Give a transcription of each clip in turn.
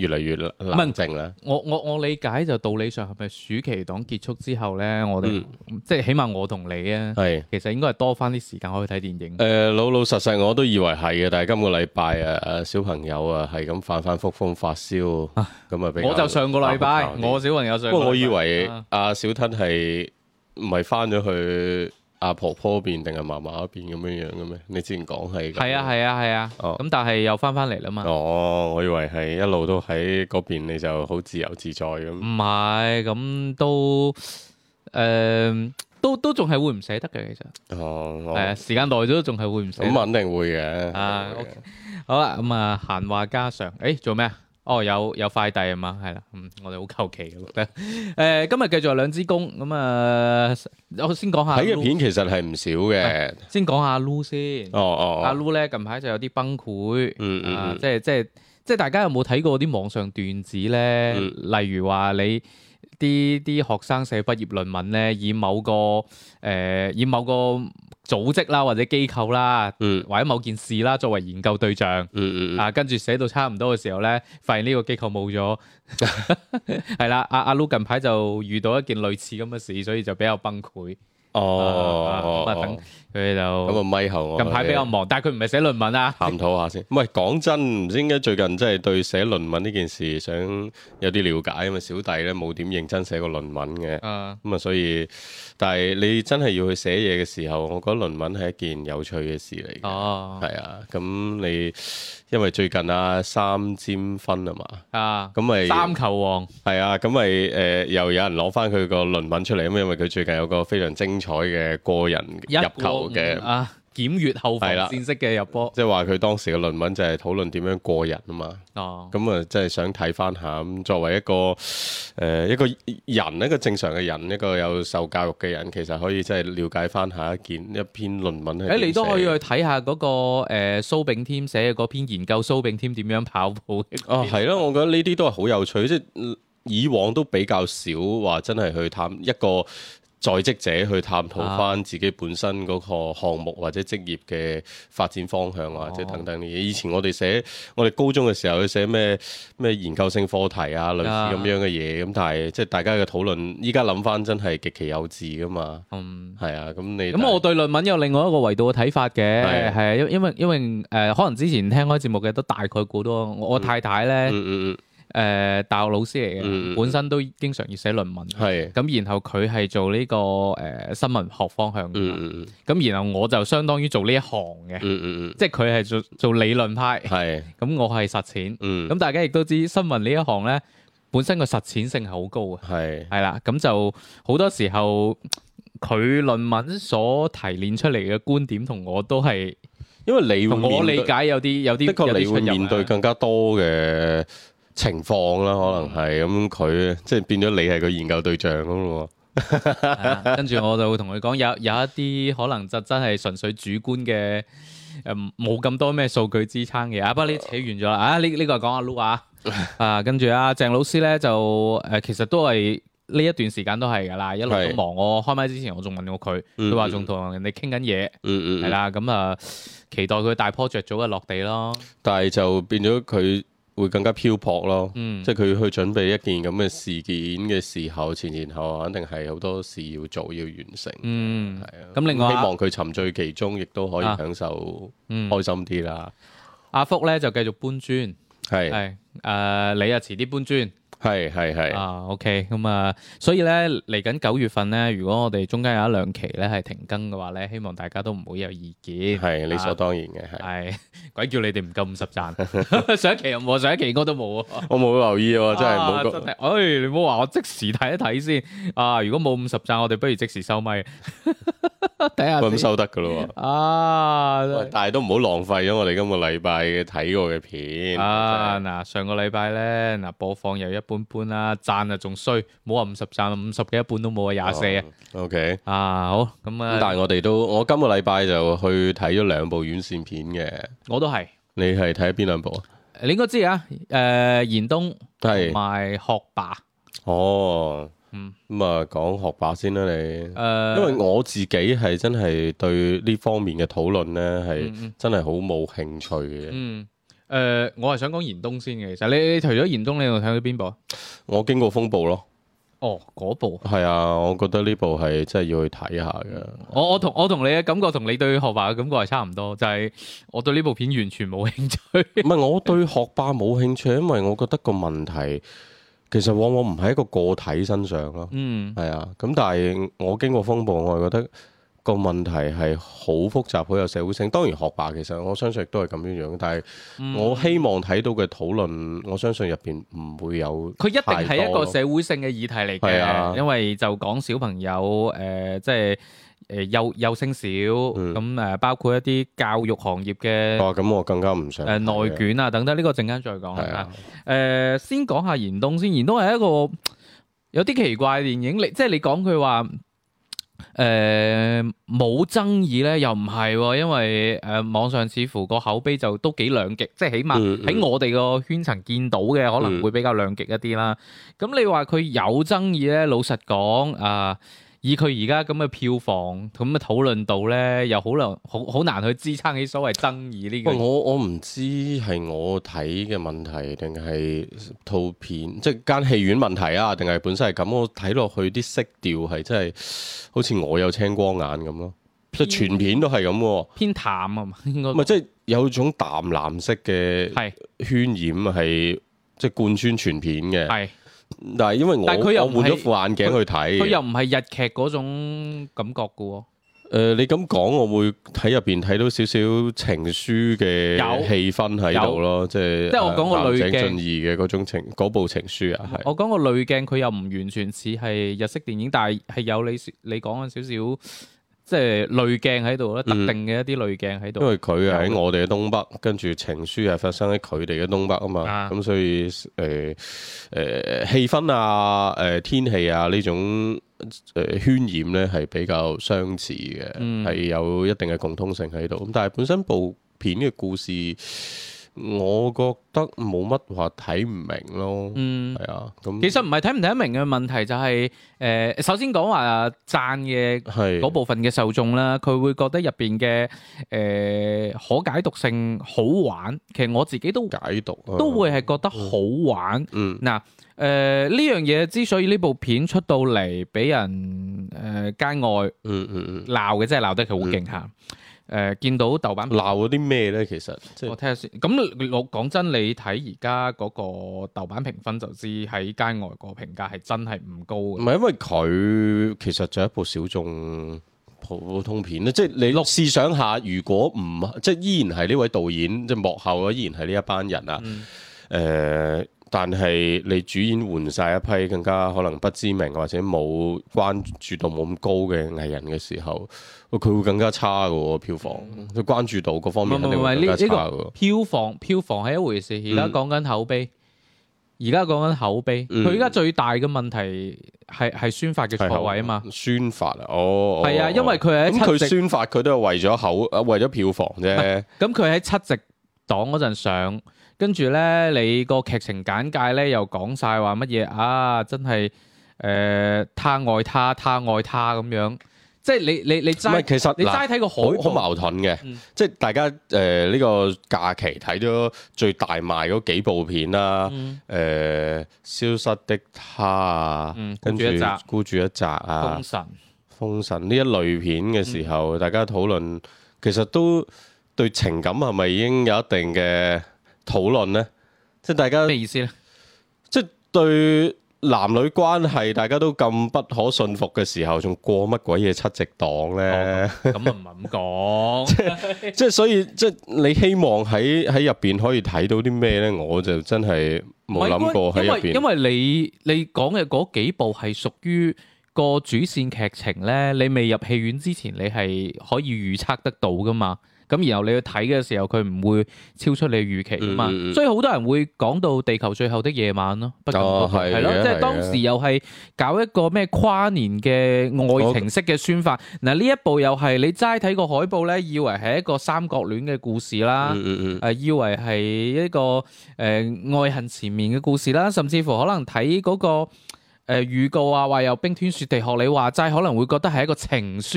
越嚟越冷靜啦、啊！我我我理解就道理上係咪暑期檔結束之後咧，我哋、嗯、即係起碼我同你啊，是其實應該係多翻啲時間可以睇電影。誒、呃、老老實實我都以為係嘅，但係今個禮拜啊啊，小朋友啊係咁反反覆覆發燒，咁啊 我就上個禮拜我小朋友上不過我以為阿、啊、小吞係唔係翻咗去？阿婆婆邊定係嫲嫲一邊咁樣樣嘅咩？你之前講係係啊係啊係啊哦，咁、oh. 但係又翻翻嚟啦嘛哦，oh, 我以為係一路都喺嗰邊，你就好自由自在咁。唔係，咁都誒、呃，都都仲係會唔捨得嘅其實哦，係啊，時間耐咗都仲係會唔捨。咁肯、嗯、定會嘅。啊，ok 好啦，咁啊閒話家常，誒，做咩啊？哦，有有快遞啊嘛，係啦，嗯，我哋好求其嘅。誒、嗯，今日繼續有兩支公咁啊、呃，我先講下睇嘅片其實係唔少嘅、啊。先講下 Loo 先，哦哦、阿 Loo 咧近排就有啲崩潰，嗯嗯，嗯嗯啊、即係即係即係大家有冇睇過啲網上段子咧？嗯、例如話你啲啲學生寫畢業論文咧，以某個誒、呃、以某個組織啦，或者機構啦，或者某件事啦，作為研究對象，啊、嗯，跟住寫到差唔多嘅時候咧，發現呢個機構冇咗，係 啦，阿阿 Lu 近排就遇到一件類似咁嘅事，所以就比較崩潰。哦，咁啊等佢就咁啊咪後近排比較忙，但係佢唔係寫論文啊。探討下先，唔係講真，唔知點解最近真係對寫論文呢件事想有啲了解因為。小弟咧冇點認真寫過論文嘅，咁啊所以，但係你真係要去寫嘢嘅時候，我覺得論文係一件有趣嘅事嚟哦，係啊。咁你因為最近啊三尖分啊嘛，啊，咁咪三球王係啊，咁咪誒又有人攞翻佢個論文出嚟，咁因為佢最近有個非常精。彩嘅個人入球嘅啊，檢閱後防線式嘅入波，即係話佢當時嘅論文就係討論點樣過人啊嘛。哦，咁啊，即係想睇翻下咁，作為一個誒、呃、一個人一個正常嘅人，一個有受教育嘅人，其實可以即係了解翻下一件一篇論文。誒、哎，你都可以去睇下嗰、那個誒蘇炳添寫嘅嗰篇研究蘇炳添點樣跑步。哦，係咯的， 我覺得呢啲都係好有趣，即係以往都比較少話真係去探一個。在職者去探討翻自己本身嗰個項目或者職業嘅發展方向或者等等嘅嘢。以前我哋寫我哋高中嘅時候去寫咩咩研究性課題啊，類似咁樣嘅嘢。咁、啊、但係即係大家嘅討論，依家諗翻真係極其幼稚噶嘛。嗯，係啊。咁你，咁我對論文有另外一個維度嘅睇法嘅，係、啊、因為因為誒、呃、可能之前聽開節目嘅都大概估到我太太咧。嗯嗯嗯嗯誒大學老師嚟嘅，本身都經常要寫論文。係咁，然後佢係做呢個誒新聞學方向嘅。咁然後我就相當於做呢一行嘅，即係佢係做做理論派。係咁，我係實踐。咁大家亦都知新聞呢一行呢本身個實踐性係好高嘅。係係啦，咁就好多時候佢論文所提煉出嚟嘅觀點同我都係，因為你同我理解有啲有啲的確，你會面對更加多嘅。情況啦，可能係咁，佢、嗯、即係變咗你係個研究對象咁咯、啊。跟住我就會同佢講，有有一啲可能就真係純粹主觀嘅，誒冇咁多咩數據支撐嘅。啊，不過你扯完咗啦。啊，呢、這、呢個、這個、係講阿 Lu 啊，啊跟住阿、啊、鄭老師咧就誒、啊，其實都係呢一段時間都係噶啦，一路都忙。是我開麥之前我仲問過佢，佢話仲同人哋傾緊嘢，係啦咁啊，期待佢大 project 早日落地咯。但係就變咗佢。會更加漂泊咯，嗯、即係佢去準備一件咁嘅事件嘅時候，前前後後肯定係好多事要做要完成，係、嗯的嗯、啊。咁另外希望佢沉醉其中，亦都可以享受、啊嗯、開心啲啦。阿福咧就繼續搬磚，係係是，誒、呃、你啊，遲啲搬磚。係係係啊，OK，咁啊，所以咧嚟緊九月份咧，如果我哋中間有一兩期咧係停更嘅話咧，希望大家都唔好有意見，係理所當然嘅，係鬼叫你哋唔夠五十讚。上一期有冇？上一期我都冇啊，我冇留意喎，真係冇覺，哎，你冇話我即時睇一睇先啊。如果冇五十讚，我哋不如即時收咪，睇下，咁收得噶咯。啊，但係都唔好浪費咗我哋今個禮拜嘅睇過嘅片啊，嗱，上個禮拜咧嗱，播放有一。半半啦，讚啊仲衰，冇話五十讚，五十幾一半都冇啊，廿四啊，啊。啊啊、o、oh, K okay. 啊，好咁啊。但係我哋都，我今個禮拜就去睇咗兩部院線片嘅。我都係。你係睇咗邊兩部啊？你應該知啊。誒、呃，燃冬同埋學爸。哦，咁啊、嗯，講學爸先啦，你。誒、呃，因為我自己係真係對呢方面嘅討論咧，係真係好冇興趣嘅、嗯。嗯。誒、呃，我係想講燃冬先嘅，其實你除咗燃冬，你有睇到邊部啊？我經過風暴咯。哦，嗰部。係啊，我覺得呢部係真係要去睇下嘅、嗯。我我同我同你嘅感覺，同你對學爸嘅感覺係差唔多，就係、是、我對呢部片完全冇興趣。唔係我對學爸冇興趣，因為我覺得個問題其實往往唔係一個個體身上咯。嗯，係啊，咁但係我經過風暴，我係覺得。個問題係好複雜，好有社會性。當然，學爸其實我相信亦都係咁樣樣，但係我希望睇到嘅討論，嗯、我相信入邊唔會有。佢一定係一個社會性嘅議題嚟嘅，啊、因為就講小朋友誒、呃，即係誒、呃、幼幼升小咁誒，嗯、包括一啲教育行業嘅、啊。咁我更加唔想誒內、呃、捲等等、這個、啊，等等呢個陣間再講先講下《燃、呃、冬》先，先，《燃冬》係一個有啲奇怪嘅電影。即係你講佢話。誒，冇、呃、爭議呢，又唔係，因為誒、呃、網上似乎個口碑就都幾兩極，即係起碼喺我哋個圈層見到嘅，嗯嗯、可能會比較兩極一啲啦。咁、嗯嗯、你話佢有爭議呢？老實講啊。呃以佢而家咁嘅票房咁嘅討論度咧，又好難好好難去支撐起所謂爭議呢個。我我唔知係我睇嘅問題，定係套片即係間戲院問題啊？定係本身係咁？我睇落去啲色調係真係好似我有青光眼咁咯，偏即係全片都係咁喎。偏淡啊嘛，應該唔係即係有種淡藍色嘅係渲染係是即係貫穿全片嘅。係。但係因為我但佢又我換咗副眼鏡去睇，佢又唔係日劇嗰種感覺嘅。誒、呃，你咁講，我會喺入邊睇到少少情書嘅氣氛喺度咯，即係即係我講個岩井俊二嘅嗰種情嗰部情書啊，係我講個岩井，佢又唔完全似係日式電影，但係係有你你講緊少少。即係濾鏡喺度啦，特定嘅一啲濾鏡喺度。因為佢係喺我哋嘅東北，因為跟住情書係發生喺佢哋嘅東北啊嘛，咁、啊、所以誒誒氣氛啊，誒、呃、天氣啊種、呃、呢種誒渲染咧係比較相似嘅，係、嗯、有一定嘅共通性喺度。咁但係本身部片嘅故事。我覺得冇乜話睇唔明咯，嗯，係啊，咁其實唔係睇唔睇得明嘅問題，就是，就係誒首先講話贊嘅嗰部分嘅受眾啦，佢是會覺得入邊嘅誒可解讀性好玩，其實我自己都解讀，嗯、都會係覺得好玩。嗯，嗱誒呢樣嘢之所以呢部片出到嚟俾人誒、呃、街、呃、外，嗯嗯嗯鬧嘅，真係鬧得佢好勁下。嗯嗯誒、呃、見到豆瓣鬧嗰啲咩咧？其實即我聽下先。咁我講真，你睇而家嗰個豆瓣評分就知喺街外個評價係真係唔高嘅。唔係因為佢其實就一部小眾普，普通片咧，嗯、即係你落試想下，如果唔即係依然係呢位導演，即係幕後啊，依然係呢一班人啊，誒、嗯。呃但係你主演換晒一批更加可能不知名或者冇關注度、冇咁高嘅藝人嘅時候，佢會更加差嘅票房，佢關注度各方面都更加差嘅。票房，票房係一回事，而家講緊口碑。而家講緊口碑，佢而家最大嘅問題係係宣發嘅錯位啊嘛。宣發啊，哦，係啊，因為佢喺咁佢宣發佢都係為咗口啊、為咗票房啫。咁佢喺七夕檔嗰陣上。跟住呢，你個劇情簡介呢，又講晒話乜嘢啊？真係誒、呃，他愛他，他愛他咁樣，即係你你你唔其實你齋睇個好好實矛盾嘅。嗯、即係大家誒呢、呃呢個假期睇咗最大賣嗰幾部片啊，誒消、嗯呃、失的她啊，跟住孤注一擲啊，封神封神呢一類片嘅時候，大家討論其實都對情感係咪已經有一定嘅？討論呢，即係大家咩意思呢？即係對男女關係，大家都咁不可信服嘅時候，仲過乜鬼嘢七夕檔呢？咁啊唔係咁講，即係所以即係你希望喺喺入邊可以睇到啲咩呢？我就真係冇諗過喺入邊。因為因為你你講嘅嗰幾部係屬於個主線劇情呢，你未入戲院之前，你係可以預測得到㗎嘛？咁然後你去睇嘅時候，佢唔會超出你預期啊嘛，嗯嗯，所以好多人會講到《地球最後的夜晚》咯，不過係咯，即係當時又係搞一個咩跨年嘅愛情式嘅宣發嗱，呢我一部又係你齋睇個海報咧，以為係一個三角戀嘅故事啦，誒、嗯嗯嗯、以為係一個誒、呃、愛恨纏綿嘅故事啦，甚至乎可能睇嗰、那個。誒預、呃、告啊，話又冰天雪地學你話齋，可能會覺得係一個情書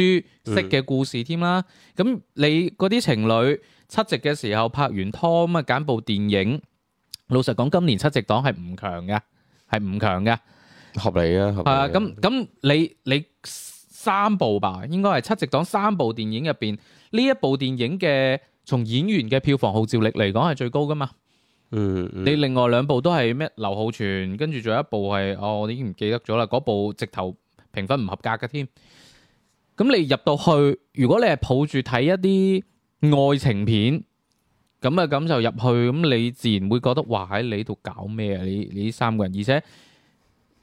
式嘅故事添啦。咁、嗯、你嗰啲情侶七夕嘅時候拍完拖咁啊，揀部電影。老實講，今年七夕檔係唔強嘅，係唔強嘅，合理啊。合理啊，咁咁你你三部吧，應該係七夕檔三部電影入邊呢一部電影嘅從演員嘅票房號召力嚟講係最高㗎嘛。你另外兩部都係咩？劉浩存，跟住仲有一部係，哦，我已經唔記得咗啦。嗰部直頭評分唔合格嘅添。咁你入到去，如果你係抱住睇一啲愛情片，咁啊咁就入去，咁你自然會覺得話喺你度搞咩啊？你你呢三個人，而且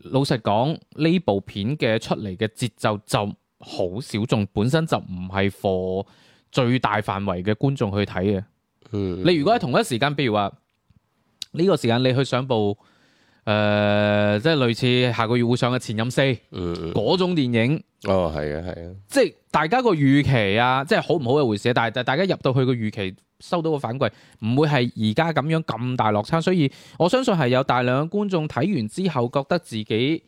老實講，呢部片嘅出嚟嘅節奏就好小眾，本身就唔係 for 最大範圍嘅觀眾去睇嘅。 你如果喺同一時間，比如話。呢個時間你去上部誒、呃，即係類似下個月會上嘅《前任四》嗰、嗯、種電影哦，係啊，係啊，即係大家個預期啊，即係好唔好一回事，但係大家入到去個預期，收到個反饋，唔會係而家咁樣咁大落差，所以我相信係有大量嘅觀眾睇完之後，覺得自己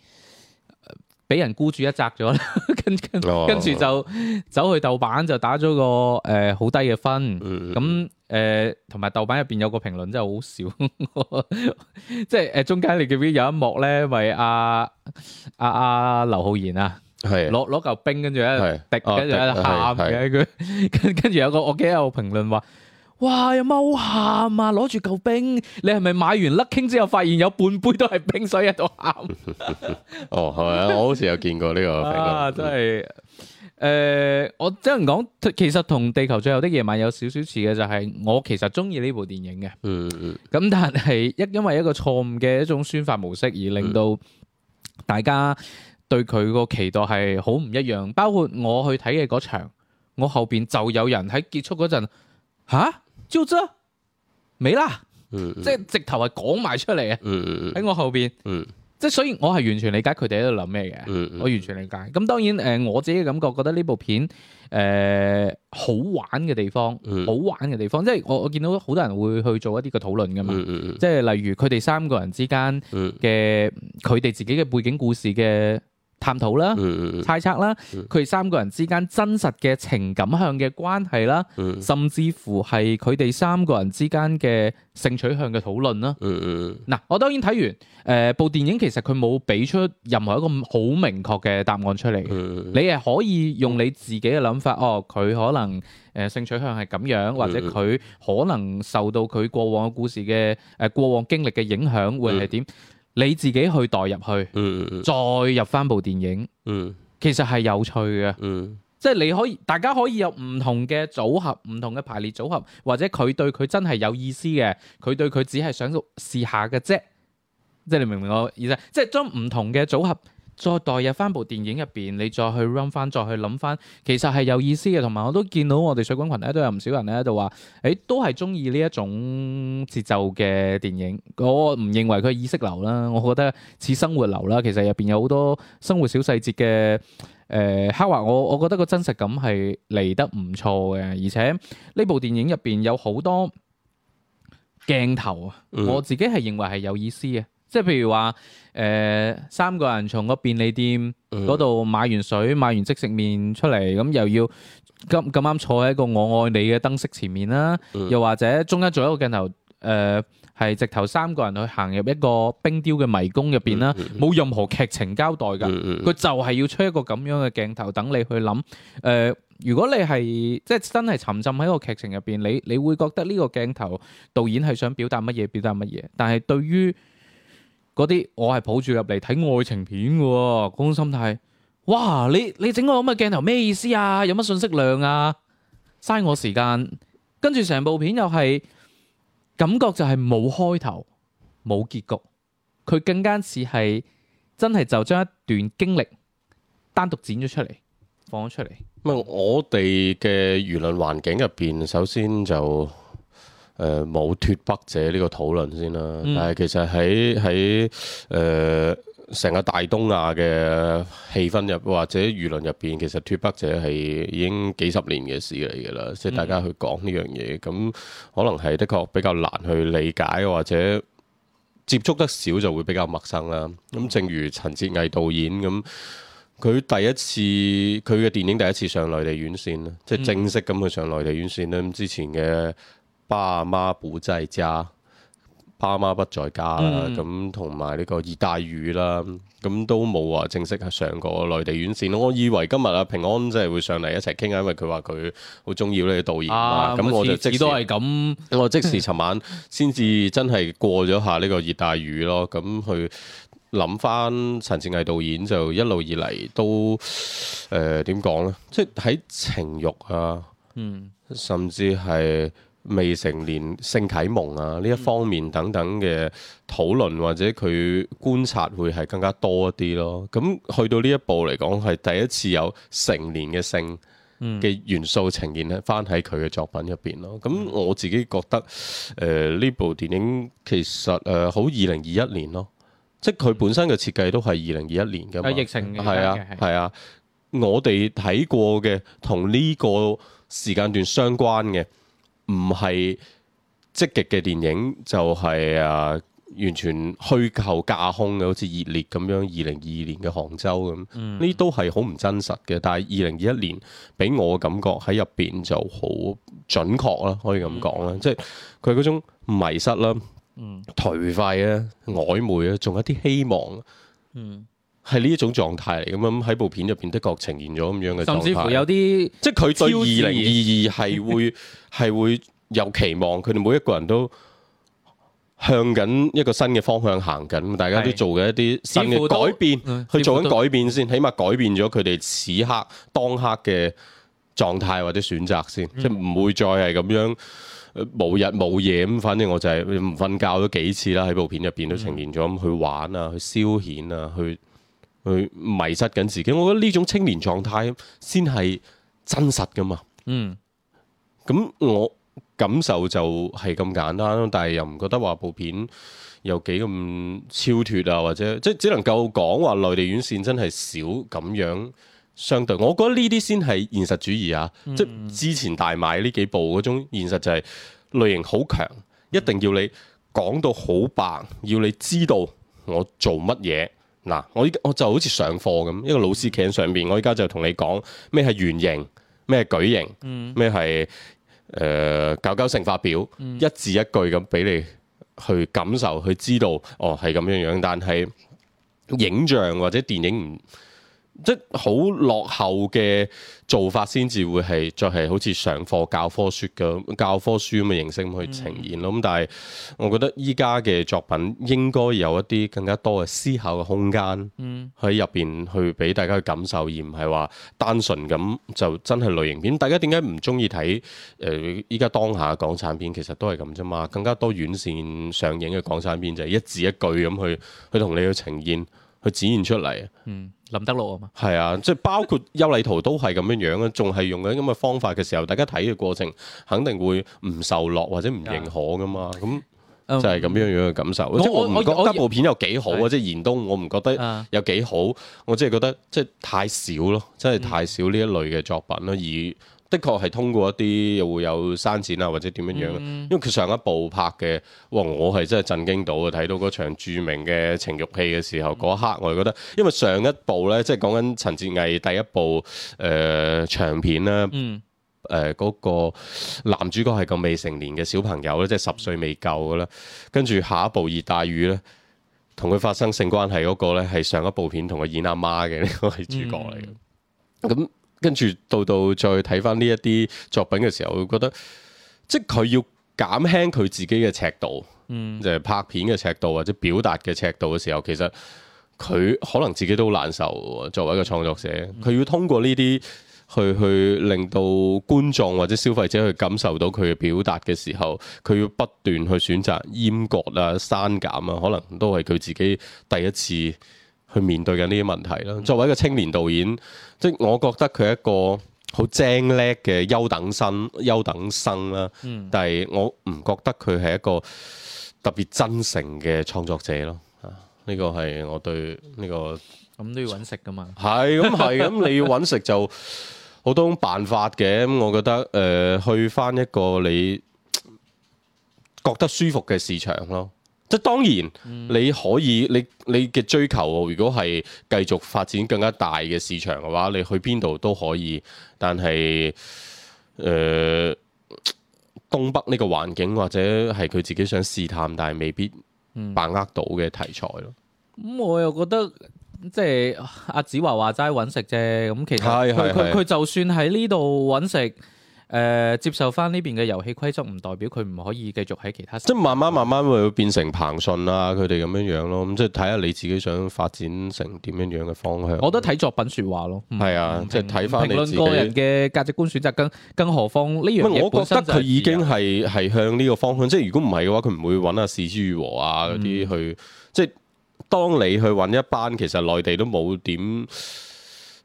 俾人孤注一擲咗 跟跟住就走去豆瓣，就打咗個誒好、呃、低嘅分，咁、嗯。嗯誒同埋豆瓣入邊有個評論真係好笑，呵呵，即係誒，中間你記唔記有一幕咧，咪阿阿阿劉浩然啊，攞攞嚿冰跟住喺度滴，跟住喺度喊嘅，佢跟跟住有個我記得有個評論話，哇有冇喊啊，攞住嚿冰，你係咪買完 Luckin 之後發現有半杯都係冰水喺度喊？ 哦係啊，我好似有見過呢個評論、 啊、真係。啊真誒、呃，我只能講，其實同《地球最後的夜晚》有少少似嘅，就係、是、我其實中意呢部電影嘅、嗯。嗯嗯。咁但係一因為一個錯誤嘅一種宣發模式，而令到大家對佢個期待係好唔一樣。包括我去睇嘅嗰場，我後邊就有人喺結束嗰陣，吓？就咁？未啦？嗯。即係直頭係講埋出嚟啊、嗯！嗯。喺我後邊。嗯。即所以，我係完全理解佢哋喺度諗咩嘅，mm hmm. 我完全理解。咁當然，誒我自己嘅感覺覺得呢部片誒、呃、好玩嘅地方，mm hmm. 好玩嘅地方，即係我我見到好多人會去做一啲嘅討論㗎嘛。Mm hmm. 即係例如佢哋三個人之間嘅佢哋自己嘅背景故事嘅、探討啦、猜測啦，佢哋三個人之間真實嘅情感向嘅關係啦，甚至乎係佢哋三個人之間嘅性取向嘅討論啦。嗱、嗯，嗯、我當然睇完誒部、呃、電影，其實佢冇俾出任何一個好明確嘅答案出嚟。嗯、你係可以用你自己嘅諗法，哦，佢可能誒性取向係咁樣，或者佢可能受到佢過往嘅故事嘅誒、呃、過往經歷嘅影響會，會係點？你自己去代入去，嗯嗯嗯，再入翻部電影，嗯，其實係有趣嘅，嗯， 即係你可以，大家可以有唔同嘅組合，唔同嘅排列組合，或者佢對佢真係有意思嘅，佢對佢只係想試下嘅啫，即係你明唔明我意思？即係將唔同嘅組合。再代入翻部電影入邊，你再去 run 翻，再去諗翻，其實係有意思嘅。同埋我都見到我哋水軍群咧都有唔少人咧就話，誒、欸、都係中意呢一種節奏嘅電影。我唔認為佢意識流啦，我覺得似生活流啦。其實入邊有好多生活小細節嘅誒刻畫，我我覺得個真實感係嚟得唔錯嘅。而且呢部電影入邊有好多鏡頭啊，我自己係認為係有意思嘅。嗯即係譬如話，誒、呃、三個人從個便利店嗰度買完水、嗯、買完即食麵出嚟，咁又要咁咁啱坐喺一個我愛你嘅燈飾前面啦。嗯、又或者中間做一個鏡頭，誒、呃、係直頭三個人去行入一個冰雕嘅迷宮入邊啦，冇、嗯嗯、任何劇情交代㗎。佢、嗯嗯、就係要出一個咁樣嘅鏡頭，等你去諗。誒、呃，如果你係即係真係沉浸喺個劇情入邊，你你會覺得呢個鏡頭導演係想表達乜嘢？表達乜嘢？但係對於嗰啲我係抱住入嚟睇愛情片嘅喎、啊，嗰種心態。哇！你你整個咁嘅鏡頭咩意思啊？有乜信息量啊？嘥我時間。跟住成部片又係感覺就係冇開頭、冇結局。佢更加似係真係就將一段經歷單獨剪咗出嚟，放咗出嚟。唔我哋嘅輿論環境入邊，首先就。誒冇脫北者呢個討論先啦，嗯、但係其實喺喺誒成個大東亞嘅氣氛入，或者輿論入邊，其實脫北者係已經幾十年嘅事嚟㗎啦，即係、嗯、大家去講呢樣嘢，咁可能係的確比較難去理解，或者接觸得少就會比較陌生啦。咁正如陳哲藝導演咁，佢第一次佢嘅電影第一次上內地院線啦，嗯、即係正式咁去上內地院線啦。咁之前嘅。爸媽不在家，爸媽不在家啦，咁同埋呢個熱帶雨啦，咁都冇話正式係上過內地院線。我以為今日啊平安真係會上嚟一齊傾下，因為佢話佢好中意呢個導演咁、啊啊、我就次即時都係咁。 我即時尋晚先至真係過咗下呢個熱帶雨咯，咁去諗翻陳哲藝導演就一路以嚟都誒點講咧？即係喺情慾啊，嗯，甚至係。未成年性啟蒙啊，呢一方面等等嘅討論或者佢觀察，會係更加多一啲咯。咁去到呢一步嚟講，係第一次有成年嘅性嘅元素呈現翻喺佢嘅作品入邊咯。咁我自己覺得，誒、呃、呢部電影其實誒好二零二一年咯，即係佢本身嘅設計都係二零二一年嘅。係疫情，係啊係啊，我哋睇過嘅同呢個時間段相關嘅。唔係積極嘅電影，就係、是、啊完全虛構架空嘅，好似熱烈咁樣。二零二二年嘅杭州咁，呢啲、嗯、都係好唔真實嘅。但係二零二一年俾我嘅感覺喺入邊就好準確啦，可以咁講啦，即係佢嗰種迷失啦、頹廢啊、曖昧啊，仲有啲希望。嗯係呢一種狀態嚟，咁樣喺部片入邊的確呈現咗咁樣嘅狀態。甚至乎有啲，即係佢對二零二二係會係會有期望，佢哋每一個人都向緊一個新嘅方向行緊。大家都做緊一啲新嘅改變，去做緊改變先，起碼改變咗佢哋此刻當刻嘅狀態或者選擇先，嗯、即係唔會再係咁樣冇日冇夜咁。反正我就係唔瞓覺咗幾次啦。喺部片入邊都呈現咗咁、嗯、去玩啊，去消遣啊，去。佢迷失緊自己，我覺得呢種青年狀態先係真實噶嘛。嗯，咁我感受就係咁簡單，但係又唔覺得話部片有幾咁超脫啊，或者即只能夠講話內地院線真係少咁樣相對。我覺得呢啲先係現實主義啊，嗯、即之前大賣呢幾部嗰種現實就係類型好強，嗯、一定要你講到好白，要你知道我做乜嘢。嗱，我依我就好似上課咁，一個老師企喺上面。我依家就同你講咩係圓形，咩係矩形，咩係誒九九乘法表，嗯、一字一句咁俾你去感受，去知道哦係咁樣樣，但係影像或者電影。即好落後嘅做法，先至會係再係好似上課教科書嘅教科書咁嘅形式去呈現咯。咁、嗯、但係我覺得依家嘅作品應該有一啲更加多嘅思考嘅空間，喺入邊去俾大家去感受，嗯、而唔係話單純咁就真係類型片。大家點解唔中意睇誒依家當下嘅港產片？其實都係咁啫嘛，更加多院線上映嘅港產片就係一字一句咁去去同你去呈現、去展現出嚟。嗯。林德祿啊嘛，係啊，即係包括邱禮濤都係咁樣樣啊，仲係用緊咁嘅方法嘅時候，大家睇嘅過程肯定會唔受落或者唔認可㗎嘛，咁的就係咁樣樣嘅感受。嗯、即係我唔覺得部片有幾好啊！即係燃冬，我唔覺得有幾好，的我即係覺得即係太少咯，即係太少呢一類嘅作品咯，而、嗯。的確係通過一啲又會有刪剪啊，或者點樣樣，因為佢上一部拍嘅，哇！我係真係震驚到啊！睇到嗰場著名嘅情慾戲嘅時候，嗰一刻我就覺得，因為上一部呢，即係講緊陳哲藝第一部誒、呃、長片啦，誒、呃、嗰、嗰個男主角係個未成年嘅小朋友咧，即係十歲未夠嘅啦，跟住下一部《熱帶雨》呢，同佢發生性關係嗰、嗰個咧，係上一部片同佢演阿媽嘅呢、呢個係主角嚟嘅，咁。跟住到到再睇翻呢一啲作品嘅時候，會覺得即係佢要減輕佢自己嘅尺度，嗯，就係，拍片嘅尺度或者表達嘅尺度嘅時候，其實佢可能自己都好難受。作為一個創作者，佢要通過呢啲去去令到觀眾或者消費者去感受到佢嘅表達嘅時候，佢要不斷去選擇閹割啊、刪減啊，可能都係佢自己第一次。去面對緊呢啲問題啦。作為一個青年導演，嗯、即係我覺得佢係一個好精叻嘅優等生、優等生啦。但係我唔覺得佢係一個特別真誠嘅創作者咯。啊，呢、這個係我對呢、這個。咁都、嗯這個、要揾食噶嘛？係，咁係咁，你要揾食就好多種辦法嘅。咁 我覺得，誒、呃，去翻一個你覺得舒服嘅市場咯。即當然，你可以你你嘅追求，如果係繼續發展更加大嘅市場嘅話，你去邊度都可以。但係誒、呃，東北呢個環境或者係佢自己想試探，但係未必把握到嘅題材咯。咁、嗯、我又覺得，即係阿子華話齋揾食啫。咁其實佢佢是就算喺呢度揾食，誒、呃、接受翻呢邊嘅遊戲規則，唔代表佢唔可以繼續喺其他，即係慢慢慢慢會變成彭順啊，佢哋咁樣樣咯。咁即係睇下你自己想發展成點樣樣嘅方向。我都睇作品説話咯。係啊，即係睇翻。評論個人嘅價值觀選擇更，更更何況呢樣嘢。我覺得佢已經係係向呢個方向。即係如果唔係嘅話，佢唔會揾阿視之如和啊嗰啲去。嗯、即係當你去揾一班其實內地都冇點。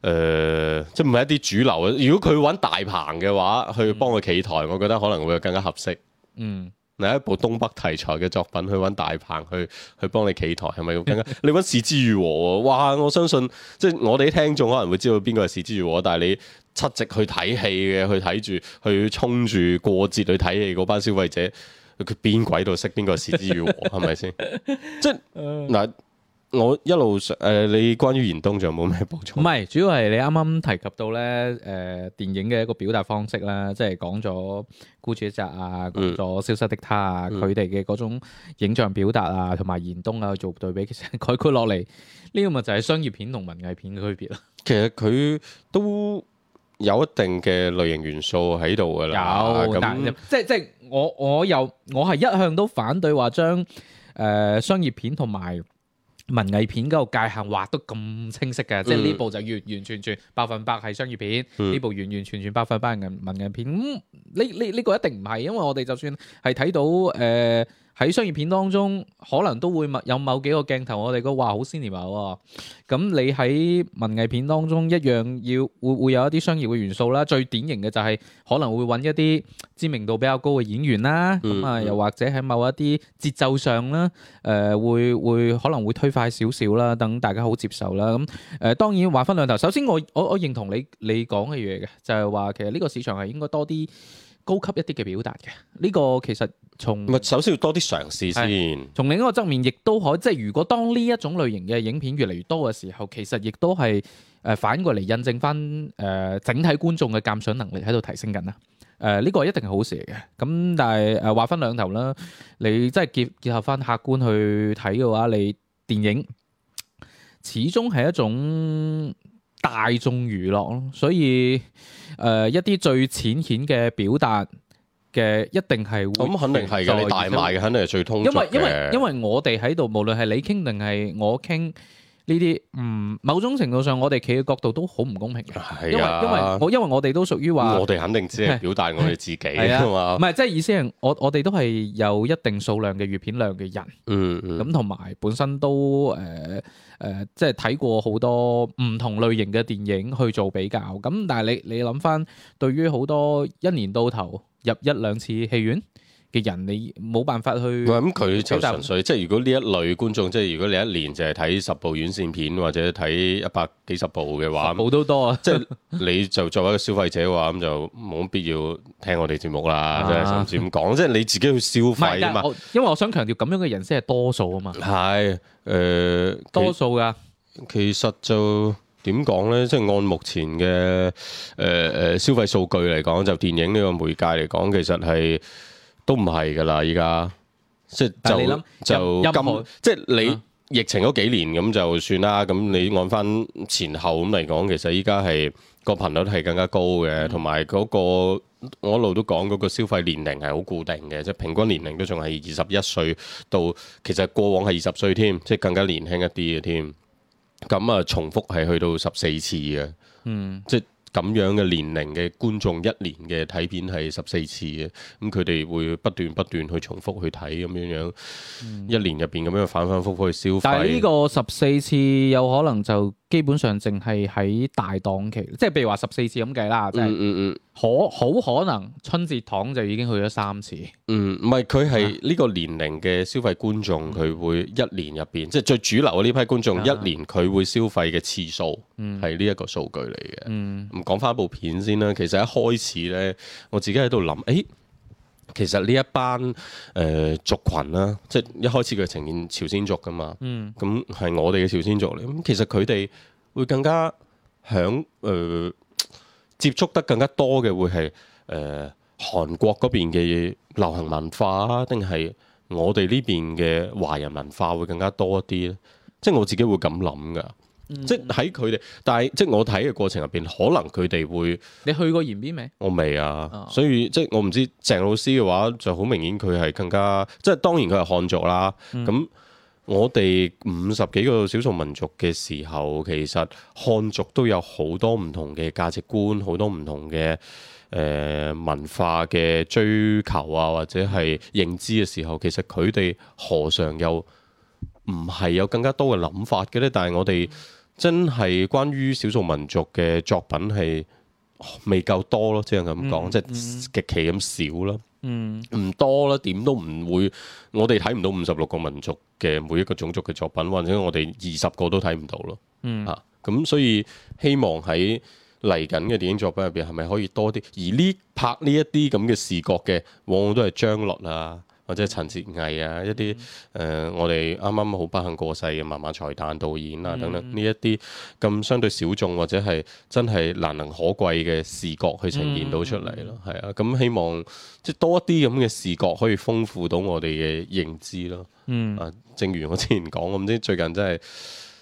誒、呃，即係唔係一啲主流啊？如果佢揾大鵬嘅話，去幫佢企台，嗯、我覺得可能會更加合適。嗯，嚟一部東北題材嘅作品，去揾大鵬去去幫你企台，係咪更加？ 你揾、啊是枝裕和哇！我相信，即係我哋啲聽眾可能會知道邊個係是枝裕和，但係你七夕去睇戲嘅，去睇住去衝住過節去睇戲嗰班消費者，佢邊鬼度識邊個是枝裕和 是是？係咪先？即係嗱。我一路誒、呃，你關於燃冬仲有冇咩補充？唔係，主要係你啱啱提及到咧，誒、呃，電影嘅一個表達方式啦，即係講咗孤注一擲啊，講咗消失的他啊，佢哋嘅嗰種影像表達啊，同埋燃冬啊做對比。其實概括落嚟，呢、這個咪就係商業片同文藝片嘅區別咯。其實佢都有一定嘅類型元素喺度噶啦。有，那但係即係即係我我又我係一向都反對話將誒商業片同埋。文藝片嗰個界限劃得咁清晰嘅。嗯、即係呢部就完完全全百分百係商業片，呢、嗯、部完完全全百分百係文文藝片。呢呢呢個一定唔係，因為我哋就算係睇到誒、呃喺商業片當中，可能都會有某幾個鏡頭，我哋講話好 cinema 喎。咁你喺文藝片當中一樣要會會有一啲商業嘅元素啦。最典型嘅就係可能會揾一啲知名度比較高嘅演員啦。咁啊、嗯，又或者喺某一啲節奏上啦，誒、呃、會會可能會推快少少啦，等大家好接受啦。咁誒、呃、當然話分兩頭。首先我我我認同你你講嘅嘢嘅，就係、是、話其實呢個市場係應該多啲。高級一啲嘅表達嘅呢個其實從首先要多啲嘗試先。從另一個側面，亦都可以即係如果當呢一種類型嘅影片越嚟越多嘅時候，其實亦都係誒反過嚟印證翻誒整體觀眾嘅鑑賞能力喺度提升緊啊。誒、呃、呢個一定係好事嚟嘅。咁但係誒、呃、話分兩頭啦，你即係結結合翻客觀去睇嘅話，你電影始終係一種大眾娛樂咯，所以誒、呃、一啲最淺顯嘅表達嘅一定係會咁，肯定係嘅，你大賣嘅肯定係最通，因為因為因為我哋喺度，無論係你傾定係我傾。呢啲嗯，某種程度上我哋企嘅角度都好唔公平嘅，係啊，因為因為，因為我因為我哋都屬於話，我哋肯定只係表達我哋自己，唔係即係意思係我我哋都係有一定數量嘅閱片量嘅人，嗯咁同埋本身都誒誒、呃呃，即係睇過好多唔同類型嘅電影去做比較，咁但係你你諗返，對於好多一年到頭入一、一兩次戲院嘅人你冇辦法去，唔係咁佢，就純粹即係如果呢一類觀眾，即係如果你一年淨係睇十部院線片或者睇一百幾十部嘅話，十部都多，即係你就作為一個消費者嘅話，咁就冇乜必要聽我哋節目啦，甚至咁講，即係你自己去消費啊嘛。因為我想強調，咁樣嘅人先係多數啊嘛。係，誒，多數㗎。其實就點講咧？即係按目前嘅誒誒消費數據嚟講，就電影呢個媒介嚟講，其實係。都唔係噶啦，依家因即係就就今即係你疫情嗰幾年咁就算啦。咁你、嗯、按翻前後咁嚟講，其實依家係個頻率係更加高嘅，同埋嗰個我一路都講嗰、嗰個消費年齡係好固定嘅，即係平均年齡都仲係二十一歲到，其實過往係二十歲添，即係更加年輕一啲嘅添。咁啊，重複係去到十四次嘅，嗯，即咁樣嘅年齡嘅觀眾，一年嘅睇片係十四次嘅，咁佢哋會不斷不斷去重複去睇咁樣樣，嗯、一年入邊咁樣反反覆覆覆去消費。但係呢個十四次有可能就，基本上淨係喺大檔期，即係譬如話十四次咁計啦，即係可好可能春節檔就已經去咗三次。嗯，唔係佢係呢個年齡嘅消費觀眾，佢、嗯、會一年入邊，即係最主流嘅呢批觀眾、嗯、一年佢會消費嘅次數，係呢一個數據嚟嘅。嗯，咁講翻部片先啦，其實一開始咧，我自己喺度諗，誒。其實呢一班誒、呃、族群啦，即係一開始佢呈現朝鮮族㗎嘛，咁係、嗯嗯、我哋嘅朝鮮族嚟。咁其實佢哋會更加響誒、呃、接觸得更加多嘅，會係誒韓國嗰邊嘅流行文化啊，定係我哋呢邊嘅華人文化會更加多一啲咧？即係我自己會咁諗㗎。嗯、即喺佢哋，但係即我睇嘅過程入邊可能佢哋會，你去過延邊未？我未啊，哦、所以即我唔知鄭老師嘅話就好明顯，佢係更加即係當然佢係漢族啦。咁、嗯、我哋五十幾個少數民族嘅時候，其實漢族都有好多唔同嘅價值觀，好多唔同嘅誒、呃、文化嘅追求啊，或者係認知嘅時候，其實佢哋何嘗又唔係有更加多嘅諗法嘅咧？但係我哋真係關於少數民族嘅作品係、哦、未夠多咯，只能咁講，嗯嗯、即係極其咁少咯，唔、嗯、多啦，點都唔會。我哋睇唔到五十六個民族嘅每一個種族嘅作品，或者我哋二十個都睇唔到咯。嚇咁、嗯，啊、所以希望喺嚟緊嘅電影作品入邊，係咪可以多啲？而呢拍呢一啲咁嘅視覺嘅，往往都係張律啊。或者陳哲藝啊，一啲誒、嗯呃，我哋啱啱好不幸過世嘅萬瑪才旦導演啊，等等呢一啲咁相對小眾或者係真係難能可貴嘅視覺去呈現到出嚟咯，係、嗯、啊，咁希望即係多一啲咁嘅視覺可以豐富到我哋嘅認知咯。嗯，啊，正如我之前講，我唔知最近真係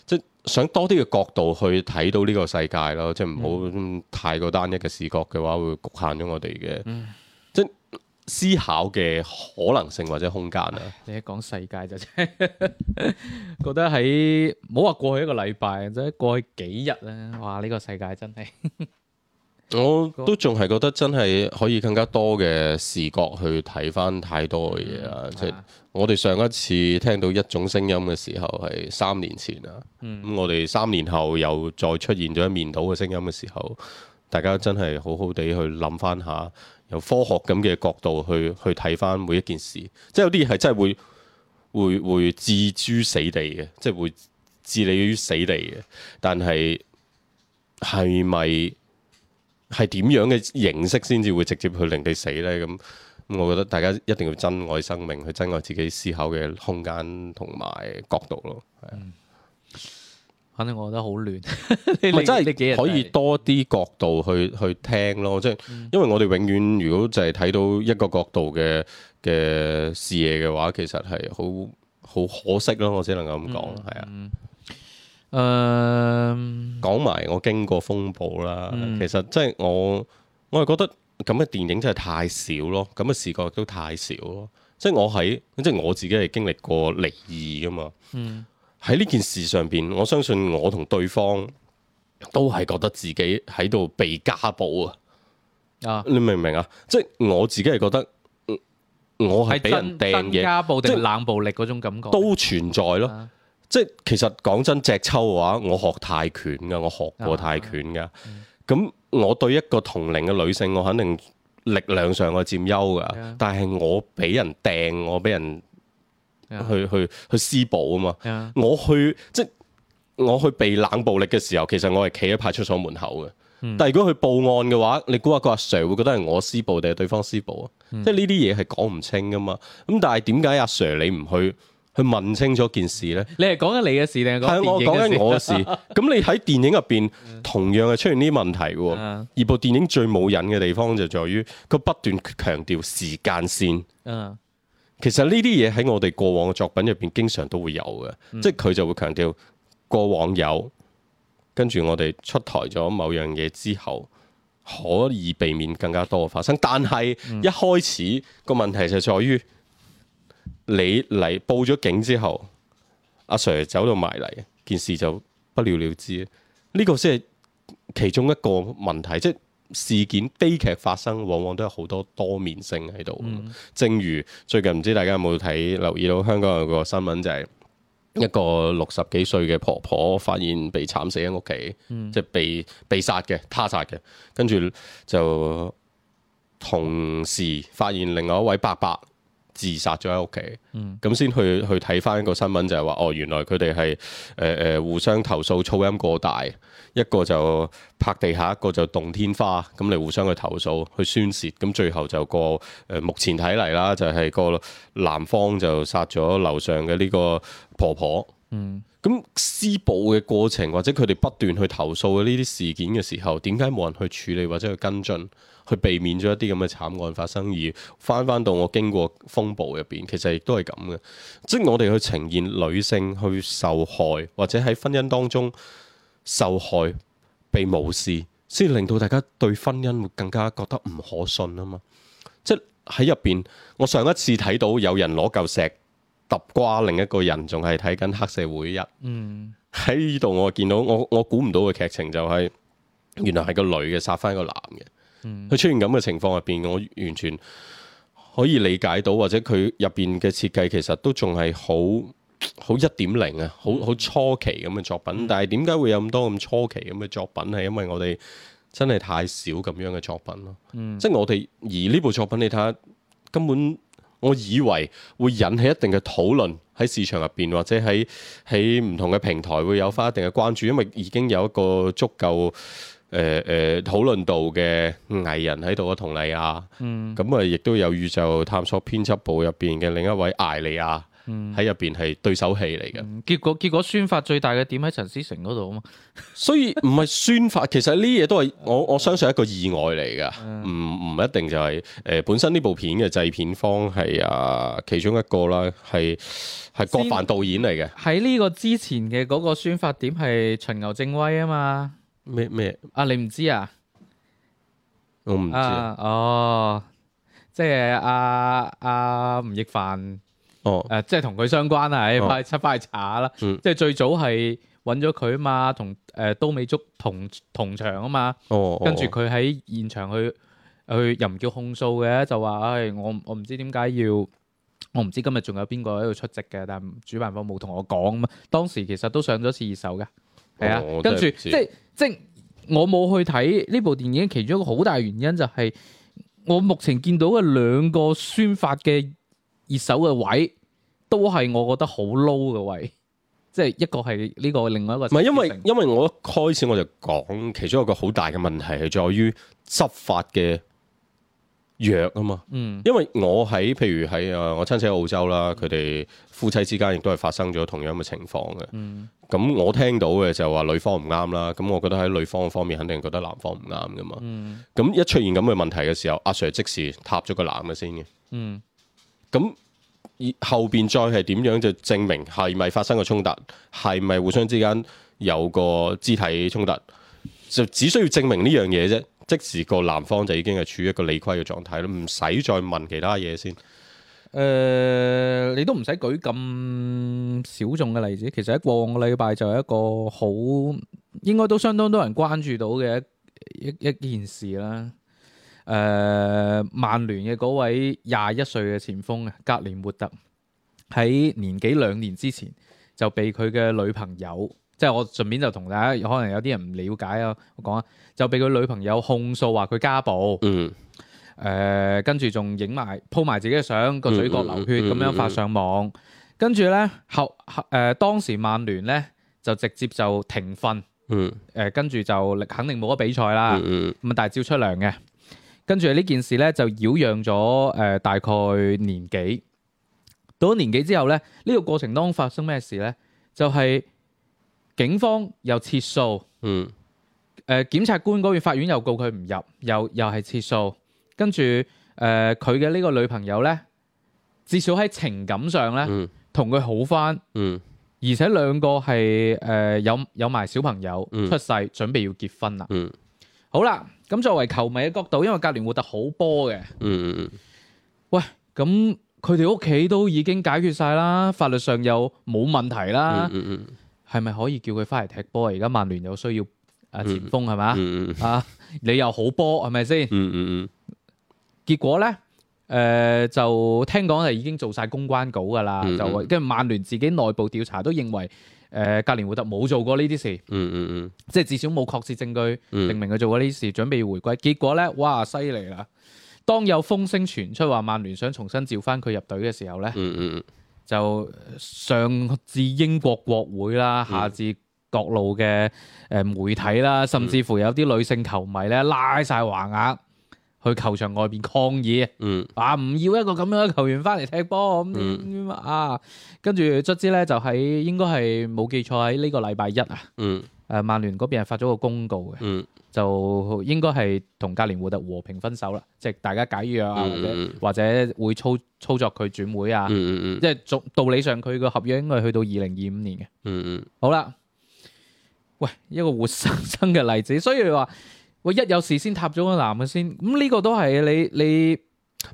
即係想多啲嘅角度去睇到呢個世界咯，即係唔好太過單一嘅視覺嘅話，會局限咗我哋嘅。嗯思考嘅可能性或者空間啊！你一講世界就即 覺得喺冇話過去一個禮拜，或者過去幾日咧，哇！呢、呢個世界真係 我都仲係覺得真係可以更加多嘅視覺去睇翻太多嘅嘢啊！即係、嗯、我哋上一次聽到一種聲音嘅時候係三年前啊，咁、嗯、我哋三年後又再出現咗一面倒嘅聲音嘅時候，大家真係好好地去諗翻下。由科學咁嘅角度去去睇返每一件事，即係有啲嘢係真係會會會置諸死地嘅，即係會置你於死地嘅。但係係咪係點樣嘅形式先至會直接去令你死呢？咁我覺得大家一定要珍愛生命，去珍愛自己思考嘅空間同埋角度咯。係、嗯反正我覺得好亂， 你真係可以多啲角度去、嗯、去聽咯，即係因為我哋永遠如果就係睇到一個角度嘅嘅視野嘅話，其實係好好可惜咯，我只能夠咁講，係、嗯、啊。嗯、呃，講埋我經過風暴啦，嗯、其實即係我我係覺得咁嘅電影真係太少咯，咁嘅視覺都太少咯。即係我喺即係我自己係經歷過離異噶嘛。嗯。喺呢件事上邊，我相信我同對方都係覺得自己喺度被家暴啊！啊，你明唔明啊？即係我自己係覺得我被，我係俾人掟嘢，即冷暴力嗰種感覺都存在咯。啊、即係其實講真，隻抽嘅話，我學泰拳噶，我學過泰拳噶。咁、啊嗯、我對一個同齡嘅女性，我肯定力量上係占優噶，啊、但係我俾人掟，我俾人。去去去施暴啊嘛！啊我去即我去被冷暴力嘅時候，其實我係企喺派出所門口嘅。嗯、但係如果去報案嘅話，你估下個阿 Sir 會覺得係我施暴定係對方施暴啊？嗯、即係呢啲嘢係講唔清噶嘛？咁但係點解阿 Sir 你唔去去問清楚件事咧？你係講緊你嘅事定係我講緊我嘅事？咁 你喺電影入邊同樣係出現呢啲問題，啊啊、而部電影最冇癮嘅地方就在於佢不斷強調時間線。啊啊其實呢啲嘢，喺我哋過往嘅作品入邊，經常都會有嘅，嗯、即係佢就會強調過往有，跟住我哋出台咗某樣嘢之後，可以避免更加多嘅發生。但係一開始個問題就在於你嚟報咗警之後，阿 Sir 走到埋嚟，件事就不了了之，呢個先係其中一個問題啫。即事件悲劇發生，往往都有好多多面性喺度。嗯、正如最近唔知大家有冇睇，留意到香港有個新聞，就係一個六十幾歲嘅婆婆發現被慘死喺屋企，嗯、即係被被殺嘅，他殺嘅，跟住就同時發現另外一位伯伯。自殺咗喺屋企，咁、嗯、先去去睇返一個新聞，就係、是、話哦，原來佢哋係誒誒互相投訴噪音過大，一個就拍地下，下一個就動天花，咁你互相去投訴，去宣泄，咁最後就個誒、呃、目前睇嚟啦，就係、是、個男方就殺咗樓上嘅呢個婆婆。嗯，咁施暴嘅過程或者佢哋不斷去投訴嘅呢啲事件嘅時候，點解冇人去處理或者去跟進？去避免咗一啲咁嘅慘案發生，而翻翻到我經過風暴入邊，其實亦都係咁嘅。即係我哋去呈現女性去受害，或者喺婚姻當中受害被無視，先令到大家對婚姻會更加覺得唔可信啊嘛。即係喺入邊，我上一次睇到有人攞嚿石揼瓜，另一個人仲係睇緊黑社會一。嗯，喺呢度我見到我我估唔到嘅劇情就係、係、原來係個女嘅殺翻個男嘅。佢出現咁嘅情況入邊，我完全可以理解到，或者佢入邊嘅設計其實都仲係好好一點零啊，好好初期咁嘅作品。嗯、但係點解會有咁多咁初期咁嘅作品？係因為我哋真係太少咁樣嘅作品咯。即係、嗯、我哋而呢部作品你，你睇下根本我以為會引起一定嘅討論喺市場入邊，或者喺喺唔同嘅平台會有返一定嘅關注，因為已經有一個足夠。誒誒、呃，討論到嘅藝人喺度啊，佟麗婭，咁啊、嗯，亦都有宇宙探索編輯部入邊嘅另一位艾莉亞喺入邊係對手戲嚟嘅、嗯。結果結果宣發最大嘅點喺陳思成嗰度啊嘛。 所以唔係宣發，其實呢嘢都係、嗯、我我相信一個意外嚟噶，唔唔、嗯、一定就係、是、誒、呃、本身呢部片嘅製片方係啊其中一個啦，係係郭帆導演嚟嘅。喺呢個之前嘅嗰個宣發點係秦牛正威啊嘛。啊。咩咩啊？你唔知啊？我唔知啊。哦，即係阿阿吳亦凡哦。誒、啊，即係同佢相關啊。唉，翻去出翻查下啦。嗯。即係最早係揾咗佢啊嘛，呃、都同誒都美竹同同場啊嘛。哦。跟住佢喺現場去去又唔叫控訴嘅，就話唉、哎，我我唔知點解要我，唔知今日仲有邊個喺度出席嘅，但係主辦方冇同我講啊嘛。當時其實都上咗次熱搜嘅。係啊，嗯、跟住著即係即係，我冇去睇呢部電影，其中一個好大原因就係我目前見到嘅兩個宣發嘅熱搜嘅位，都係我覺得好 low 嘅位，即係一個係呢個，另外一個唔係，因為，因為我一開始我就講，其中一個好大嘅問題，係在於執法嘅。弱啊嘛，嗯、因為我喺譬如喺啊我親戚喺澳洲啦，佢哋夫妻之間亦都係發生咗同樣嘅情況嘅。咁、嗯、我聽到嘅就話女方唔啱啦，咁我覺得喺女方方面肯定覺得男方唔啱㗎嘛。咁、嗯、一出現咁嘅問題嘅時候，阿 Sir 即時踏咗個男嘅先嘅。咁、嗯、後邊再係點樣就證明係咪發生個衝突，係咪互相之間有個肢體衝突，就只需要證明呢樣嘢啫。即時個男方就已經係處於一個理虧嘅狀態啦，唔使再問其他嘢先。誒、呃，你都唔使舉咁小眾嘅例子，其實喺過往個禮拜就係一個好應該都相當多人關注到嘅一一,一件事啦。誒、呃，曼聯嘅嗰位廿一歲嘅前鋒啊，格連活特喺年幾兩年之前就被佢嘅女朋友。即係我順便就同大家，可能有啲人唔了解啊，我講啊，就俾佢女朋友控訴話佢家暴。嗯，誒、呃、跟住仲影埋 po 埋自己嘅相，個嘴角流血咁樣發上網，嗯嗯嗯嗯、跟住咧後，誒、呃、當時曼聯咧就直接就停訓。嗯、呃，誒跟住就肯定冇得比賽啦，咁啊、嗯嗯嗯、大照出糧嘅，跟住呢件事咧就擾攘咗誒大概年幾到咗年幾之後咧呢呢個過程當發生咩事咧就係、是。警方又撤訴，嗯，誒、呃、檢察官嗰邊法院又告佢唔入，又又係撤訴，跟住誒佢嘅呢個女朋友呢，至少喺情感上呢，同佢好翻，嗯，嗯而且兩個係誒、呃、有有埋小朋友出世，嗯、準備要結婚啦，嗯，好啦，咁作為球迷嘅角度，因為格連活特好波嘅、嗯，嗯嗯嗯，喂、嗯，咁佢哋屋企都已經解決晒啦，法律上又冇問題啦結、嗯，嗯嗯。嗯嗯嗯係咪可以叫佢翻嚟踢波？而家曼聯有需要啊，前鋒係嘛？啊，你又好波係咪先？嗯嗯，結果呢，誒、呃、就聽講係已經做晒公關稿噶啦，嗯、就跟住曼聯自己內部調查都認為，誒格連活特冇做過呢啲事。嗯嗯嗯。嗯即係至少冇確切證據證、嗯、明佢做過呢啲事，準備回歸。結果呢，哇犀利啦！當有風聲傳出話曼聯想重新召翻佢入隊嘅時候呢。嗯嗯。嗯就上至英國國會啦，嗯、下至各路嘅誒媒體啦，甚至乎有啲女性球迷咧拉晒橫額去球場外邊抗議，嗯、啊，唔要一個咁樣嘅球員翻嚟踢波咁、嗯嗯、啊！跟住卒之咧就喺、是、應該係冇記錯喺呢個禮拜一啊。嗯誒、呃，曼聯嗰邊係發咗個公告嘅，嗯、就應該係同格連活特和平分手啦，即係大家解約啊，嗯、或者或會操操作佢轉會啊，嗯嗯、即係道理上佢個合約應該係去到二零二五年嘅。嗯嗯，好啦，喂，一個活生生嘅例子，所以你話喂，一有事先踏咗個男嘅先，咁、嗯、呢、這個都係你你，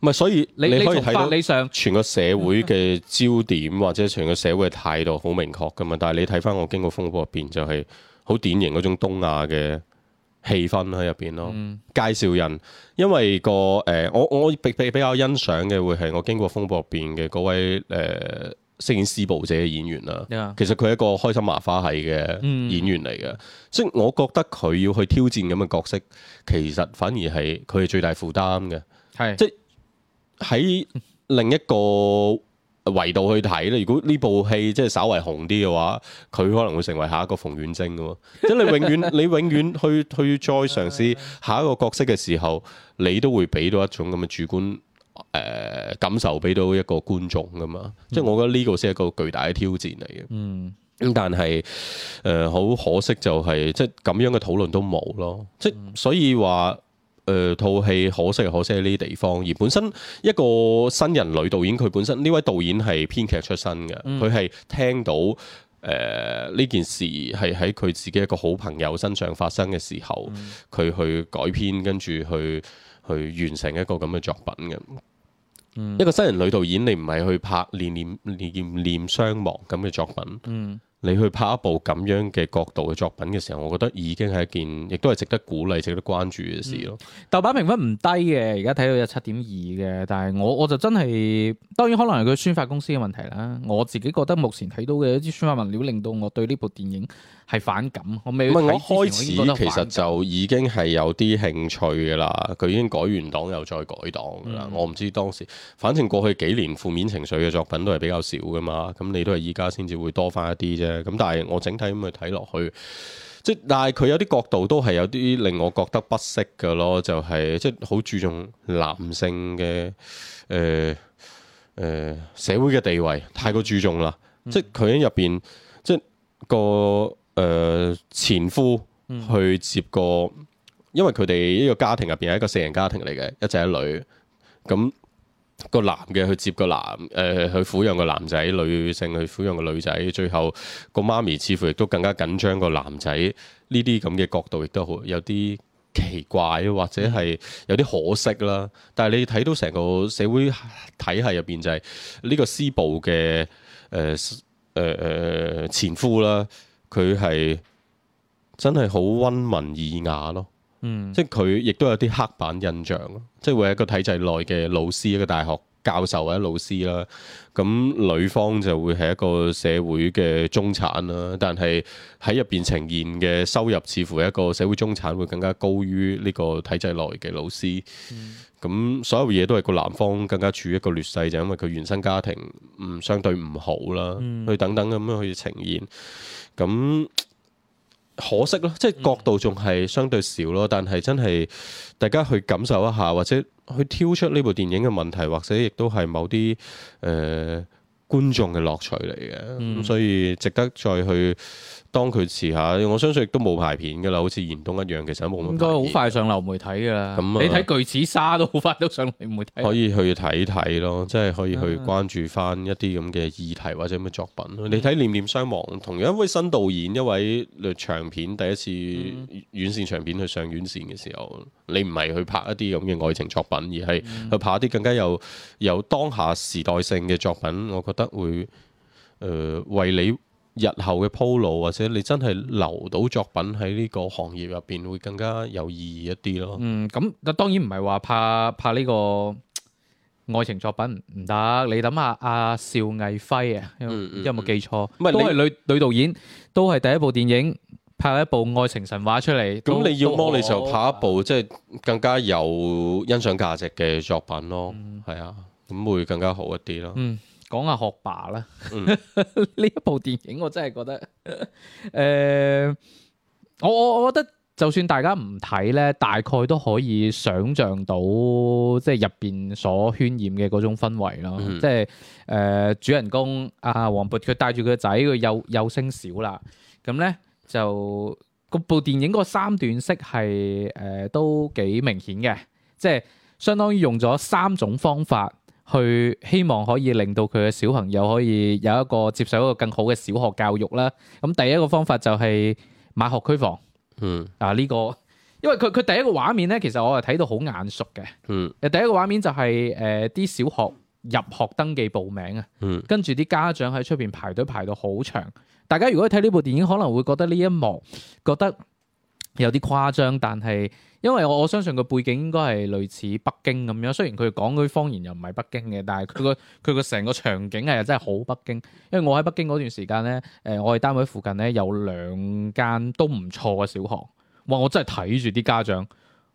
唔係、嗯、所以你可以睇到你從法理上，全個社會嘅焦點或者全個社會嘅態度好明確噶嘛，但係你睇翻我經過風暴入邊就係、是。好典型嗰種東亞嘅氣氛喺入邊咯，嗯、介紹人，因為個誒、呃，我我比比較欣賞嘅會係我經過風暴入邊嘅嗰位誒飾演施暴者嘅演員啦。嗯、其實佢係一個開心麻花係嘅演員嚟嘅，即、嗯、所以我覺得佢要去挑戰咁嘅角色，其實反而係佢最大負擔嘅。係是，即係喺另一個。維度去睇咧，如果呢部戲即係稍微紅啲嘅話，佢可能會成為下一個馮遠征噶喎。即係你永遠， 你永遠去去再嘗試下一個角色嘅時候，你都會俾到一種咁嘅主觀誒、呃、感受俾到一個觀眾噶嘛。嗯、即係我覺得呢個先係一個巨大嘅挑戰嚟嘅。嗯，咁但係誒好可惜就係、是、即係咁樣嘅討論都冇咯。即、嗯、所以話。誒套戲可惜可惜喺呢啲地方，而本身一個新人女導演，佢本身呢位導演係編劇出身嘅，佢係、嗯、聽到誒呢、呃、件事係喺佢自己一個好朋友身上發生嘅時候，佢、嗯、去改編，跟住去去，去完成一個咁嘅作品嘅。嗯、一個新人女導演，你唔係去拍念念念念相忘咁嘅作品。嗯你去拍一部咁樣嘅角度嘅作品嘅時候，我覺得已經係一件，亦都係值得鼓勵、值得關注嘅事咯、嗯。豆瓣評分唔低嘅，而家睇到有七點二嘅，但係我我就真係，當然可能係佢宣發公司嘅問題啦。我自己覺得目前睇到嘅一啲宣發物料，令到我對呢部電影係反感，我未。唔，我開始其實就已經係有啲興趣嘅啦。佢感已經改完檔又再改檔啦。嗯、我唔知當時，反正過去幾年負面情緒嘅作品都係比較少噶嘛。咁你都係依家先至會多翻一啲啫。咁但係我整體咁去睇落去，即但係佢有啲角度都係有啲令我覺得不適嘅咯。就係、是、即係好注重男性嘅誒誒社會嘅地位，太過注重啦、嗯。即係佢喺入邊即係個。誒、呃、前夫去接個，嗯、因為佢哋一個家庭入邊係一個四人家庭嚟嘅，一仔一女，咁、嗰個男嘅去接個男，誒、呃、去撫養個男仔，女性去撫養個女仔，最後個媽咪似乎亦都更加緊張個男仔，呢啲咁嘅角度亦都好有啲奇怪，或者係有啲可惜啦。但係你睇到成個社會體系入邊就係呢個施暴嘅誒誒誒前夫啦。佢係真係好溫文爾雅咯，嗯，即係佢亦都有啲刻板印象咯，即係會係一個體制內嘅老師一個大學。教授或者老師啦，咁女方就會係一個社會嘅中產啦。但係喺入邊呈現嘅收入，似乎係一個社會中產會更加高於呢個體制內嘅老師。咁、嗯、所有嘢都係個男方更加處於一個劣勢，就是、因為佢原生家庭唔相對唔好啦，去、嗯、等等咁樣去呈現。咁可惜咯，即係角度仲係相對少咯，但係真係大家去感受一下，或者去挑出呢部電影嘅問題，或者亦都係某啲誒、呃觀眾嘅樂趣嚟嘅，咁、嗯、所以值得再去當佢試下。我相信亦都冇排片㗎啦，好似燃冬一樣，其實冇咁。應該好快上流媒體㗎啦。咁樣你睇《巨齒鯊》都好快都上流媒體、嗯。可以去睇睇咯，即係可以去關注翻一啲咁嘅議題或者咁嘅作品。嗯、你睇《念念相忘》同樣一位新導演，一位長片第一次院線長片去上院線嘅時候，嗯、你唔係去拍一啲咁嘅愛情作品，而係去拍一啲更加有有當下時代性嘅作品。我覺得。會誒、呃、為你日後嘅鋪路，或者你真係留到作品喺呢個行業入邊會更加有意義一啲咯。嗯，咁咁當然唔係話拍拍呢個愛情作品唔得，你諗下阿邵藝輝啊，有冇？嗯嗯、記錯？嗯、你都係女女導演，都係第一部電影拍一部愛情神話出嚟。咁、嗯、你要摸你就拍一部即係更加有欣賞價值嘅作品咯，係啊、嗯，咁會更加好一啲咯、嗯。講下學爸啦，呢一部電影我真係覺得， 誒、呃，我我我覺得就算大家唔睇咧，大概都可以想象到即係入邊所渲染嘅嗰種氛圍咯。嗯、即係誒、呃，主人公阿黃渤佢帶住佢個仔個幼幼聲少啦，咁、啊、咧就部電影嗰三段式係誒、呃、都幾明顯嘅，即係相當於用咗三種方法。去希望可以令到佢嘅小朋友可以有一個接受一個更好嘅小學教育啦。咁第一個方法就係買學區房。嗯，啊呢個，因為佢佢第一個畫面呢，其實我係睇到好眼熟嘅。嗯，第一個畫面就係誒啲小學入學登記報名啊。跟住啲家長喺出邊排隊排到好長。大家如果睇呢部電影，可能會覺得呢一幕覺得。有啲誇張，但係因為我我相信個背景應該係類似北京咁樣。雖然佢講嗰啲方言又唔係北京嘅，但係佢個佢個成個場景係真係好北京。因為我喺北京嗰段時間呢，誒、呃、我哋單位附近呢有兩間都唔錯嘅小學，哇！我真係睇住啲家長。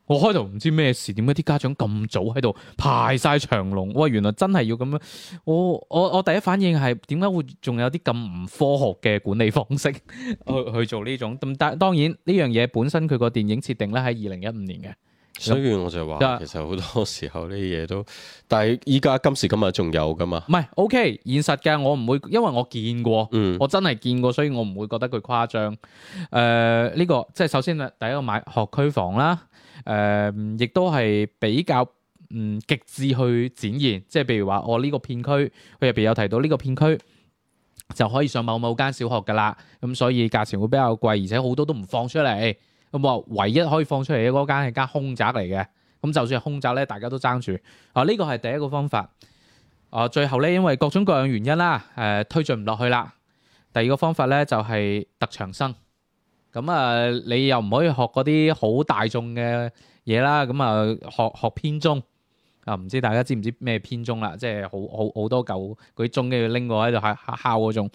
我開頭唔知咩事，點解啲家長咁早喺度排晒長龍？喂，原來真係要咁樣。我我我第一反應係點解會仲有啲咁唔科學嘅管理方式去 去做呢種咁？但當然呢樣嘢本身佢個電影設定咧喺二零一五年嘅，所以我就話、就是、其實好多時候呢啲嘢都，但係依家今時今日仲有噶嘛？唔係 OK 現實嘅，我唔會因為我見過，嗯、我真係見過，所以我唔會覺得佢誇張。誒、呃、呢、這個即係首先第一個買學區房啦。誒，亦都係比較嗯極致去展現，即係譬如話，我呢個片區，佢入邊有提到呢個片區，就可以上某某間小學噶啦，咁、嗯、所以價錢會比較貴，而且好多都唔放出嚟，咁、嗯、啊唯一可以放出嚟嘅嗰間係間空宅嚟嘅，咁、嗯、就算係空宅咧，大家都爭住，啊呢、呢個係第一個方法，啊最後咧，因為各種各樣原因啦，誒、啊、推進唔落去啦，第二個方法咧就係、是、特長生。咁啊、嗯，你又唔可以學嗰啲好大眾嘅嘢啦，咁、嗯、啊學學編鐘啊，唔知大家知唔知咩編鐘啦？即係好好好多嚿嗰啲鐘，跟住拎過喺度敲嗰種。誒、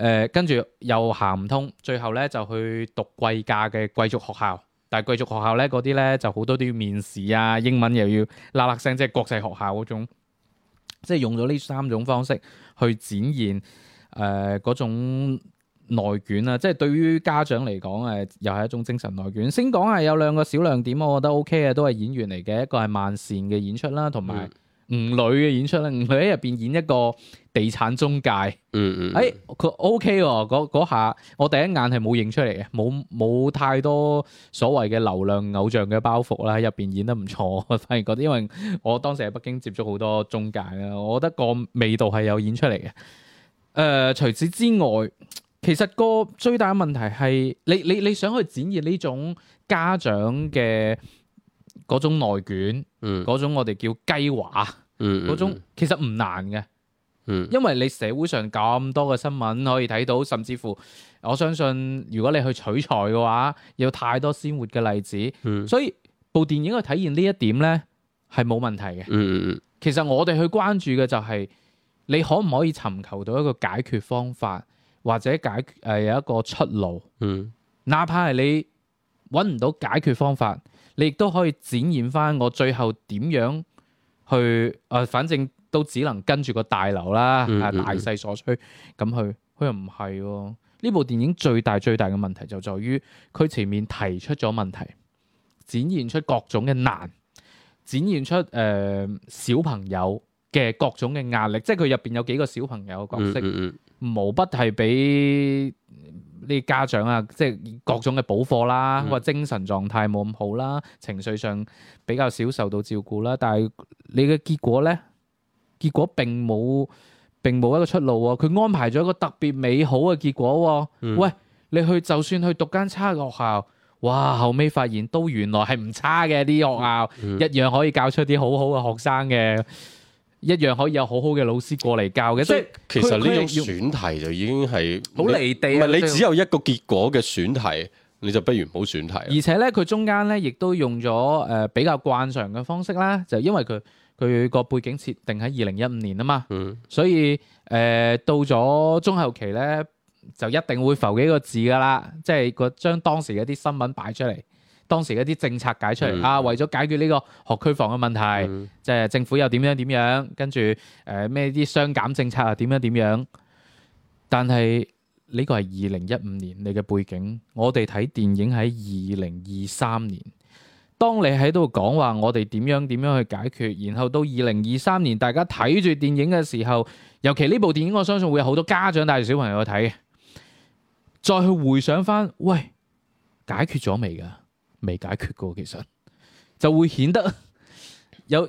呃，跟住又行唔通，最後咧就去讀貴價嘅貴族學校，但係貴族學校咧嗰啲咧就好多都要面試啊，英文又要嗱嗱聲，即係國際學校嗰種，即係用咗呢三種方式去展現誒嗰、呃、種。內卷啊，即係對於家長嚟講，誒、呃、又係一種精神內卷。先講係有兩個小亮點，我覺得 O K 嘅，都係演員嚟嘅。一個係萬茜嘅演出啦，同埋吳磊嘅演出咧。吳磊喺入邊演一個地產中介，嗯嗯，嗯嗯，誒佢 O K 喎，嗰、OK、下我第一眼係冇認出嚟嘅，冇冇太多所謂嘅流量偶像嘅包袱啦。喺入邊演得唔錯，反而覺得，因為我當時喺北京接觸好多中介啦，我覺得個味道係有演出嚟嘅。誒、呃、除此之外。其實個最大嘅問題係你你你想去展現呢種家長嘅嗰種內卷，嗯種嗯，嗯，嗰種我哋叫雞娃，嗯，嗰種其實唔難嘅，嗯，因為你社會上咁多嘅新聞可以睇到，甚至乎我相信如果你去取材嘅話，有太多鮮活嘅例子，嗯、所以部電影去體現呢一點咧係冇問題嘅，嗯，嗯嗯嗯。其實我哋去關注嘅就係、是、你可唔可以尋求到一個解決方法。或者解決、呃、有一個出路，嗯，哪怕係你揾唔到解決方法，你亦都可以展現翻我最後點樣去，誒、呃，反正都只能跟住個大流啦，嗯嗯嗯、啊，大勢所趨咁去。佢又唔係喎，呢、啊、部電影最大最大嘅問題就在於佢前面提出咗問題，展現出各種嘅難，展現出誒、呃、小朋友。嘅各種嘅壓力，即係佢入邊有幾個小朋友嘅角色，嗯嗯、無不係俾啲家長啊，即係各種嘅補課啦，話、嗯、精神狀態冇咁好啦，情緒上比較少受到照顧啦。但係你嘅結果呢？結果並冇並冇一個出路喎、啊。佢安排咗一個特別美好嘅結果喎、啊。嗯、喂，你去就算去讀間差嘅學校，哇，後尾發現都原來係唔差嘅，啲學校、嗯嗯嗯、一樣可以教出啲好好嘅學生嘅。一樣可以有好好嘅老師過嚟教嘅，即係以他其實呢種選題就已經係好離地、啊。唔係不以你只有一個結果嘅選題，你就不如唔好選題。而且呢，佢中間呢亦都用咗誒、呃、比較慣常嘅方式啦，就因為佢佢個背景設定喺二零一五年啊嘛，嗯、所以誒、呃、到咗中後期呢，就一定會浮幾個字㗎啦，即係個將當時嘅啲新聞擺出嚟。當時一啲政策解出嚟、嗯、啊，為咗解決呢個學區房嘅問題，即係、嗯、政府又點樣點樣，跟住誒咩啲雙減政策啊，點樣點樣。但係呢個係二零一五年你嘅背景，我哋睇電影喺二零二三年。當你喺度講話我哋點樣點樣去解決，然後到二零二三年大家睇住電影嘅時候，尤其呢部電影，我相信會有好多家長帶住小朋友去睇。再去回想翻，喂，解決咗未㗎？未解決過，其實就會顯得有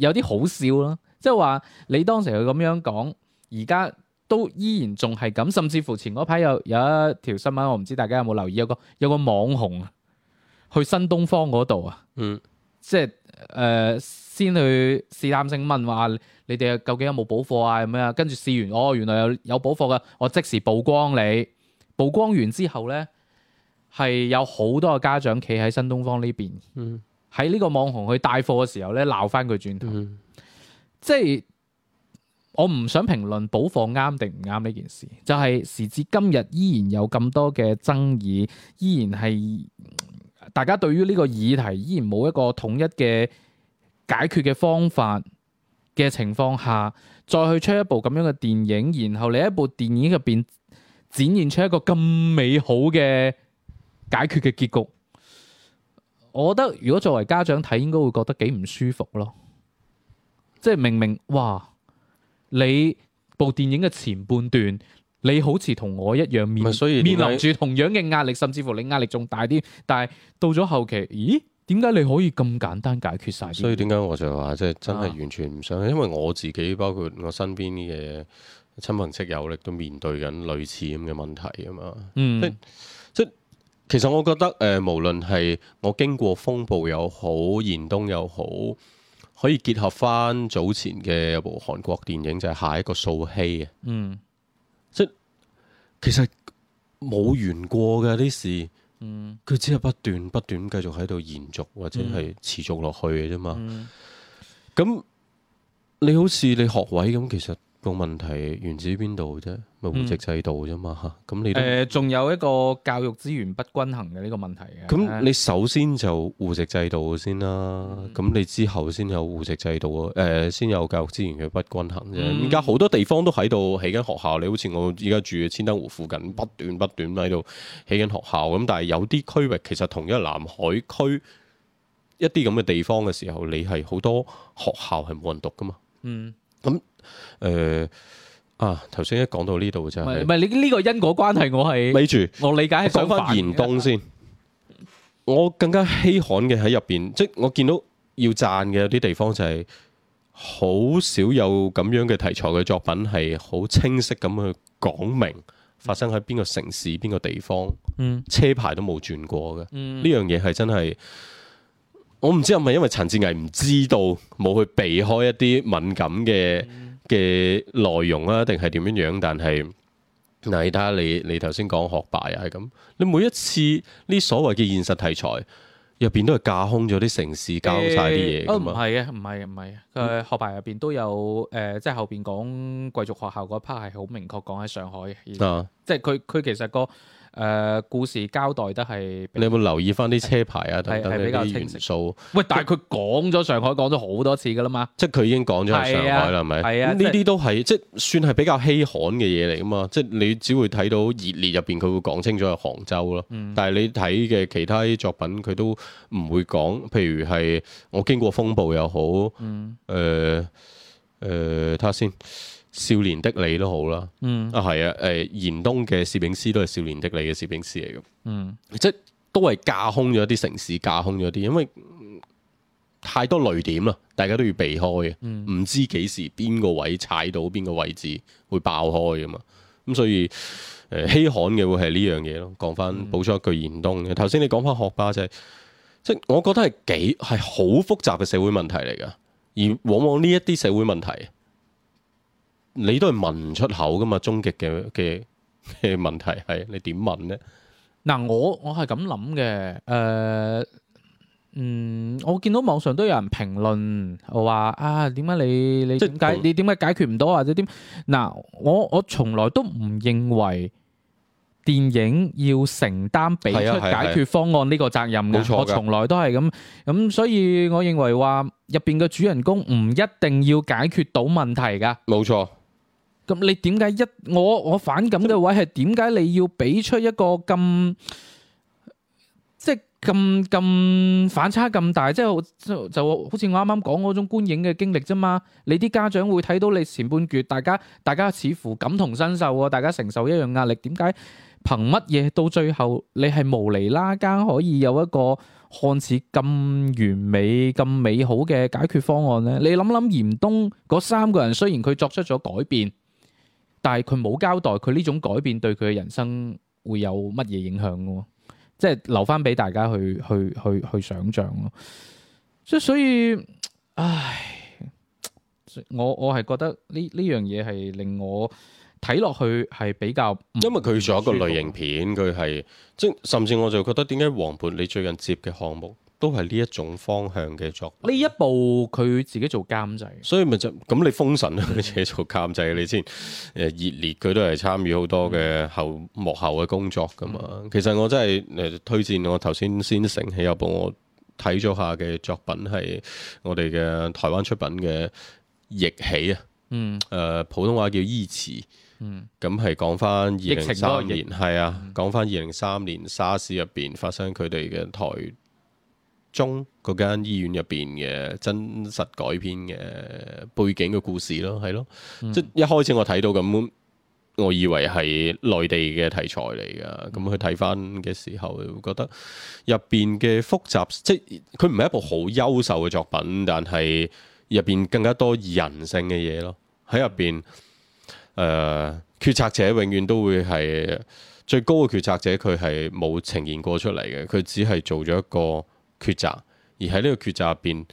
有啲好笑啦。即係話你當時佢咁樣講，而家都依然仲係咁，甚至乎前嗰排有有一條新聞，我唔知大家有冇留意，有個有個網紅去新東方嗰度啊，嗯，即係誒、呃、先去試探性問話，你哋究竟有冇補課啊？咁樣跟住試完，哦，原來有有補課噶，我即時曝光你，曝光完之後咧。係有好多嘅家長企喺新東方呢邊，喺呢、嗯、個網紅去帶貨嘅時候咧，鬧翻佢轉頭。嗯、即係我唔想評論補課啱定唔啱呢件事，就係、是、時至今日依然有咁多嘅爭議，依然係大家對於呢個議題依然冇一個統一嘅解決嘅方法嘅情況下，再去出一部咁樣嘅電影，然後你一部電影入邊展現出一個咁美好嘅解決嘅結局，我覺得如果作為家長睇，應該會覺得幾唔舒服咯。即係明明哇，你部電影嘅前半段，你好似同我一樣面所以面臨住同樣嘅壓力，甚至乎你壓力仲大啲。但係到咗後期，咦？點解你可以咁簡單解決晒？所以點解我就話即係真係完全唔想，啊、因為我自己包括我身邊嘅親朋戚友咧，都面對緊類似咁嘅問題啊嘛。嗯。其實我覺得誒、呃，無論係我經過風暴又好，燃冬又好，可以結合翻早前嘅一部韓國電影，就係、是、下一個素熙嘅。嗯、即其實冇完過嘅啲事。佢、嗯、只係不斷不斷繼續喺度延續或者係持續落去嘅啫嘛。咁、嗯、你好似你學位咁，其實。個問題源自於邊度啫？咪戶籍制度啫嘛？咁、嗯、你誒，仲、呃、有一個教育資源不均衡嘅呢個問題嘅。咁你首先就戶籍制度先啦，咁、嗯、你之後先有戶籍制度啊？誒、呃，先有教育資源嘅不均衡啫。而家好多地方都喺度起緊學校，你好似我依家住嘅千燈湖附近，不斷不斷喺度起緊學校。咁但係有啲區域其實同一南海區一啲咁嘅地方嘅時候，你係好多學校係冇人讀㗎嘛？嗯，咁、嗯。誒、呃，啊，頭先一講到呢度就係、是，唔係你呢個因果關係，我係著，咪住，我理解係講翻燃冬先。我更加稀罕嘅喺入邊，即、就、係、是、我見到要讚嘅有啲地方就係，好少有咁樣嘅題材嘅作品係好清晰咁去講明發生喺邊個城市邊、嗯、個地方，車牌都冇轉過嘅，呢、嗯、樣嘢係真係。我唔知係咪因為陳哲藝唔知道，冇去避開一啲敏感嘅，嗯嘅內容啊，定係點樣樣？但係嗱，你睇下你你頭先講學爸又係咁，你每一次呢所謂嘅現實題材入邊都係架空咗啲城市，架空曬啲嘢噶嘛？唔係嘅，唔係唔係，佢、嗯、學爸入邊都有誒、呃，即係後邊講貴族學校嗰 part 係好明確講喺上海嘅、啊，即係佢佢其實、那個。誒、呃、故事交代得係，你有冇留意返啲車牌啊？等等呢啲元素？喂，但係佢講咗上海，他講咗好多次噶啦嘛，即係佢已經講咗係上海啦，係咪？係啊，呢啲、啊、都係、啊、即係算係比較稀罕嘅嘢嚟噶嘛，即係你只會睇到熱烈入邊佢會講清楚係杭州咯。嗯、但係你睇嘅其他作品，佢都唔會講，譬如係我經過風暴又好，嗯，誒誒、呃，睇下先。呃，看看少年的你都好啦，啊係、嗯、啊，誒燃冬嘅攝影師都係少年的你嘅攝影師嚟嘅，嗯，即都係架空咗啲城市，架空咗啲，因為太多雷點啦，大家都要避開，唔、嗯、知幾時邊個位踩到邊個位置會爆開啊嘛，咁所以誒稀、呃、罕嘅會係呢樣嘢咯。講翻補充一句，燃冬、嗯，頭先你講翻學爸就係、是，即係我覺得係幾係好複雜嘅社會問題嚟噶，而往往呢一啲社會問題。你都係問唔出口噶嘛？終極嘅嘅嘅問題係你點問呢？嗱，我我係咁諗嘅，誒，嗯，我見到網上都有人評論，我話啊，點解你你點解你點解解決唔到，或者點？嗱，我我從來都唔認為電影要承擔俾出解決方案呢個責任嘅。冇錯嘅，我從來都係咁咁，所以我認為話入邊嘅主人公唔一定要解決到問題㗎。冇錯。咁你點解一我我反感嘅位係點解你要俾出一個咁即係咁咁反差咁大？即係就就好似我啱啱講嗰種觀影嘅經歷啫嘛。你啲家長會睇到你前半段，大家大家似乎感同身受喎，大家承受一樣壓力。點解憑乜嘢到最後你係無離拉更可以有一個看似咁完美、咁美好嘅解決方案呢？你諗諗燃冬嗰三個人，雖然佢作出咗改變。但係佢冇交代，佢呢種改變對佢嘅人生會有乜嘢影響咯？即係留翻俾大家去去去去想象咯。即所以，唉，我我係覺得呢呢樣嘢係令我睇落去係比較，因為佢做一個類型片，佢係即甚至我就覺得點解黃渤你最近接嘅項目？都係呢一種方向嘅作品。呢一部佢自己做監製，所以咪就咁你封神都係自己做監製你先。誒熱烈佢都係參與好多嘅後幕後嘅工作噶嘛。其實我真係誒推薦我頭先先醒起有部我睇咗下嘅作品係我哋嘅台灣出品嘅《疫起》啊。嗯。誒普通話叫《依慈》。嗯。咁係講返二零三年，係啊，講返二零三年沙士入邊發生佢哋嘅台。中嗰間醫院入邊嘅真實改編嘅背景嘅故事咯，係咯，嗯、即一開始我睇到咁，我以為係內地嘅題材嚟㗎，咁去睇翻嘅時候，又會覺得入邊嘅複雜，即佢唔係一部好優秀嘅作品，但係入邊更加多人性嘅嘢咯。喺入邊，誒、呃，決策者永遠都會係最高嘅決策者，佢係冇呈現過出嚟嘅，佢只係做咗一個。抉擇，而喺呢個抉擇入邊，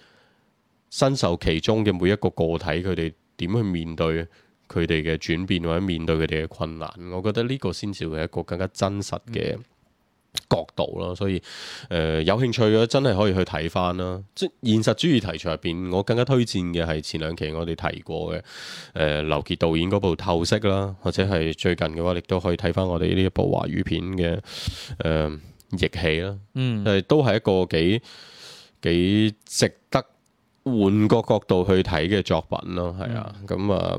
身受其中嘅每一個個體，佢哋點去面對佢哋嘅轉變，或者面對佢哋嘅困難？我覺得呢個先至會係一個更加真實嘅角度咯。嗯、所以，誒、呃、有興趣嘅真係可以去睇翻啦。即現實主義題材入邊，我更加推薦嘅係前兩期我哋提過嘅，誒、呃、劉傑導演嗰部《透析》啦，或者係最近嘅話，亦都可以睇翻我哋呢一部華語片嘅，誒、呃。逸氣啦，係、嗯、都係一個幾幾值得換個角度去睇嘅作品咯，係啊，咁啊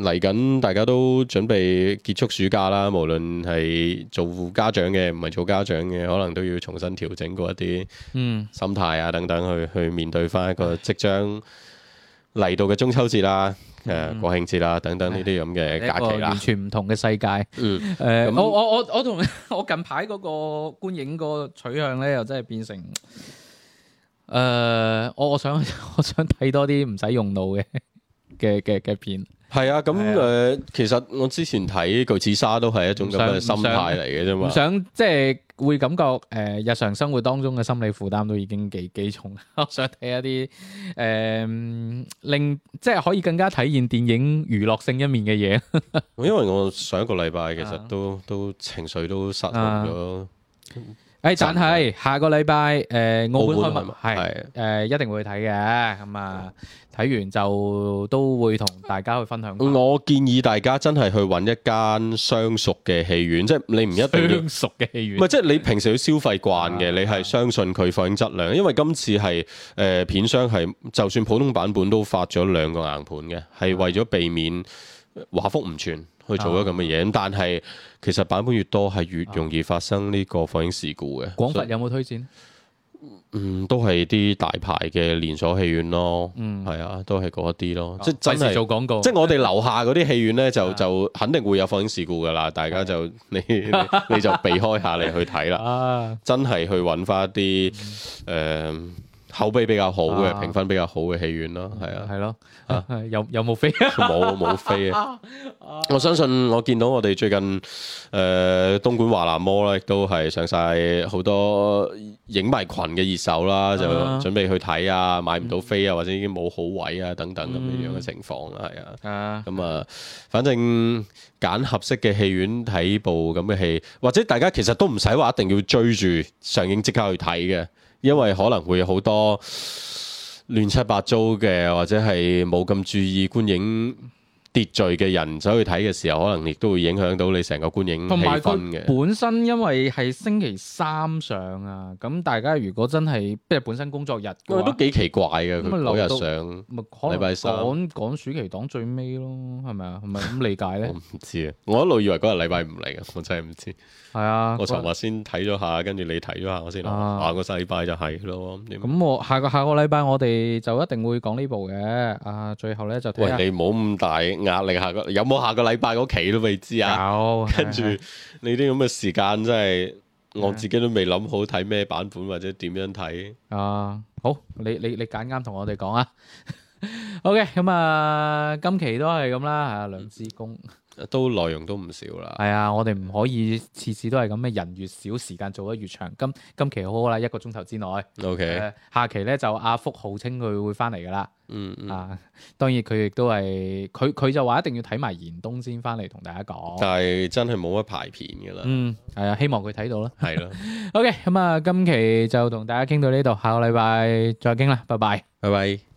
嚟緊大家都準備結束暑假啦，無論係做家長嘅，唔係做家長嘅，可能都要重新調整過一啲心態啊等等，去去面對返一個即將，嗯 嚟到嘅中秋節啦，誒國慶節啦，等等呢啲咁嘅假期啦，完全唔同嘅世界。嗯，誒、uh, 那，我我我我同我近排嗰個觀影個取向咧，又真係變成，誒、呃，我我想我想睇多啲唔使用腦嘅嘅嘅片。係啊，咁誒、啊呃，其實我之前睇《巨齒鯊》都係一種咁嘅心態嚟嘅啫嘛，唔想即係、就是、會感覺誒、呃、日常生活當中嘅心理負擔都已經幾幾重， 我想睇一啲誒、呃、令即係可以更加體現電影娛樂性一面嘅嘢。 因為我上一個禮拜其實都、啊、都情緒都失控咗。啊啊誒，但係下個禮拜誒，呃、澳門開幕係誒，一定會睇嘅。咁啊，睇完就都會同大家去分享。我建議大家真係去搵一間相熟嘅戲院，即係你唔一定要熟嘅戲院。唔係不，即係你平時去消費慣嘅，的你係相信佢放映質量。因為今次係誒、呃、片商係，就算普通版本都發咗兩個硬盤嘅，係為咗避免畫幅唔全。去做咗咁嘅嘢，但係其實版本越多，係越容易發生呢個放映事故嘅。廣佛有冇推薦？嗯，都係啲大牌嘅連鎖戲院咯。嗯，係啊，都係嗰一啲咯。即係做廣告，即係我哋樓下嗰啲戲院呢，就就肯定會有放映事故嘅啦。大家就你你就避開下嚟去睇啦。啊，真係去揾翻啲誒。口碑比較好嘅、啊、評分比較好嘅戲院咯，係啊，係咯、啊啊，有有冇飛 啊？冇冇飛啊！我相信我見到我哋最近誒、呃、東莞華南摩咧，都係上晒好多影迷群嘅熱搜啦，啊、就準備去睇啊，買唔到飛啊，嗯、或者已經冇好位啊等等咁樣嘅情況、嗯、啊，係啊，咁啊，反正揀合適嘅戲院睇部咁嘅戲，或者大家其實都唔使話一定要追住上映即刻去睇嘅。因為可能會有好多亂七八糟嘅，或者係冇咁注意觀影。秩序嘅人走去睇嘅時候，可能亦都會影響到你成個觀影氣氛嘅。本身因為係星期三上啊，咁大家如果真係即係本身工作日，都幾奇怪嘅。咁日上，咪可能講講暑期檔最尾咯，係咪啊？係咪咁理解咧？我唔知啊，我一路以為嗰日禮拜唔嚟啊，我真係唔知。係啊，我尋日先睇咗下，跟住你睇咗下，我先諗下個禮拜就係咯。咁我下個下個禮拜我哋就一定會講呢部嘅。啊，最後咧就睇下。你冇咁大壓力下個有冇下個禮拜嗰期都未知啊，跟住你啲咁嘅時間真係我自己都未諗好睇咩版本或者點樣睇啊。好，你你你揀啱同我哋講啊。OK，咁啊，今期都係咁啦，啊，梁志公。都內容都唔少啦，係啊，我哋唔可以次次都係咁嘅，人越少時間做得越長。咁今，今期好好啦，一個鐘頭之內，OK、呃。下期咧就阿福號稱佢會翻嚟噶啦，嗯，嗯，啊，當然佢亦都係，佢佢就話一定要睇埋燃冬先翻嚟同大家講，就係真係冇乜排片噶啦，嗯，係啊，希望佢睇到啦，係咯的 ，OK，咁啊，今期就同大家傾到呢度，下個禮拜再傾啦，拜拜，拜拜。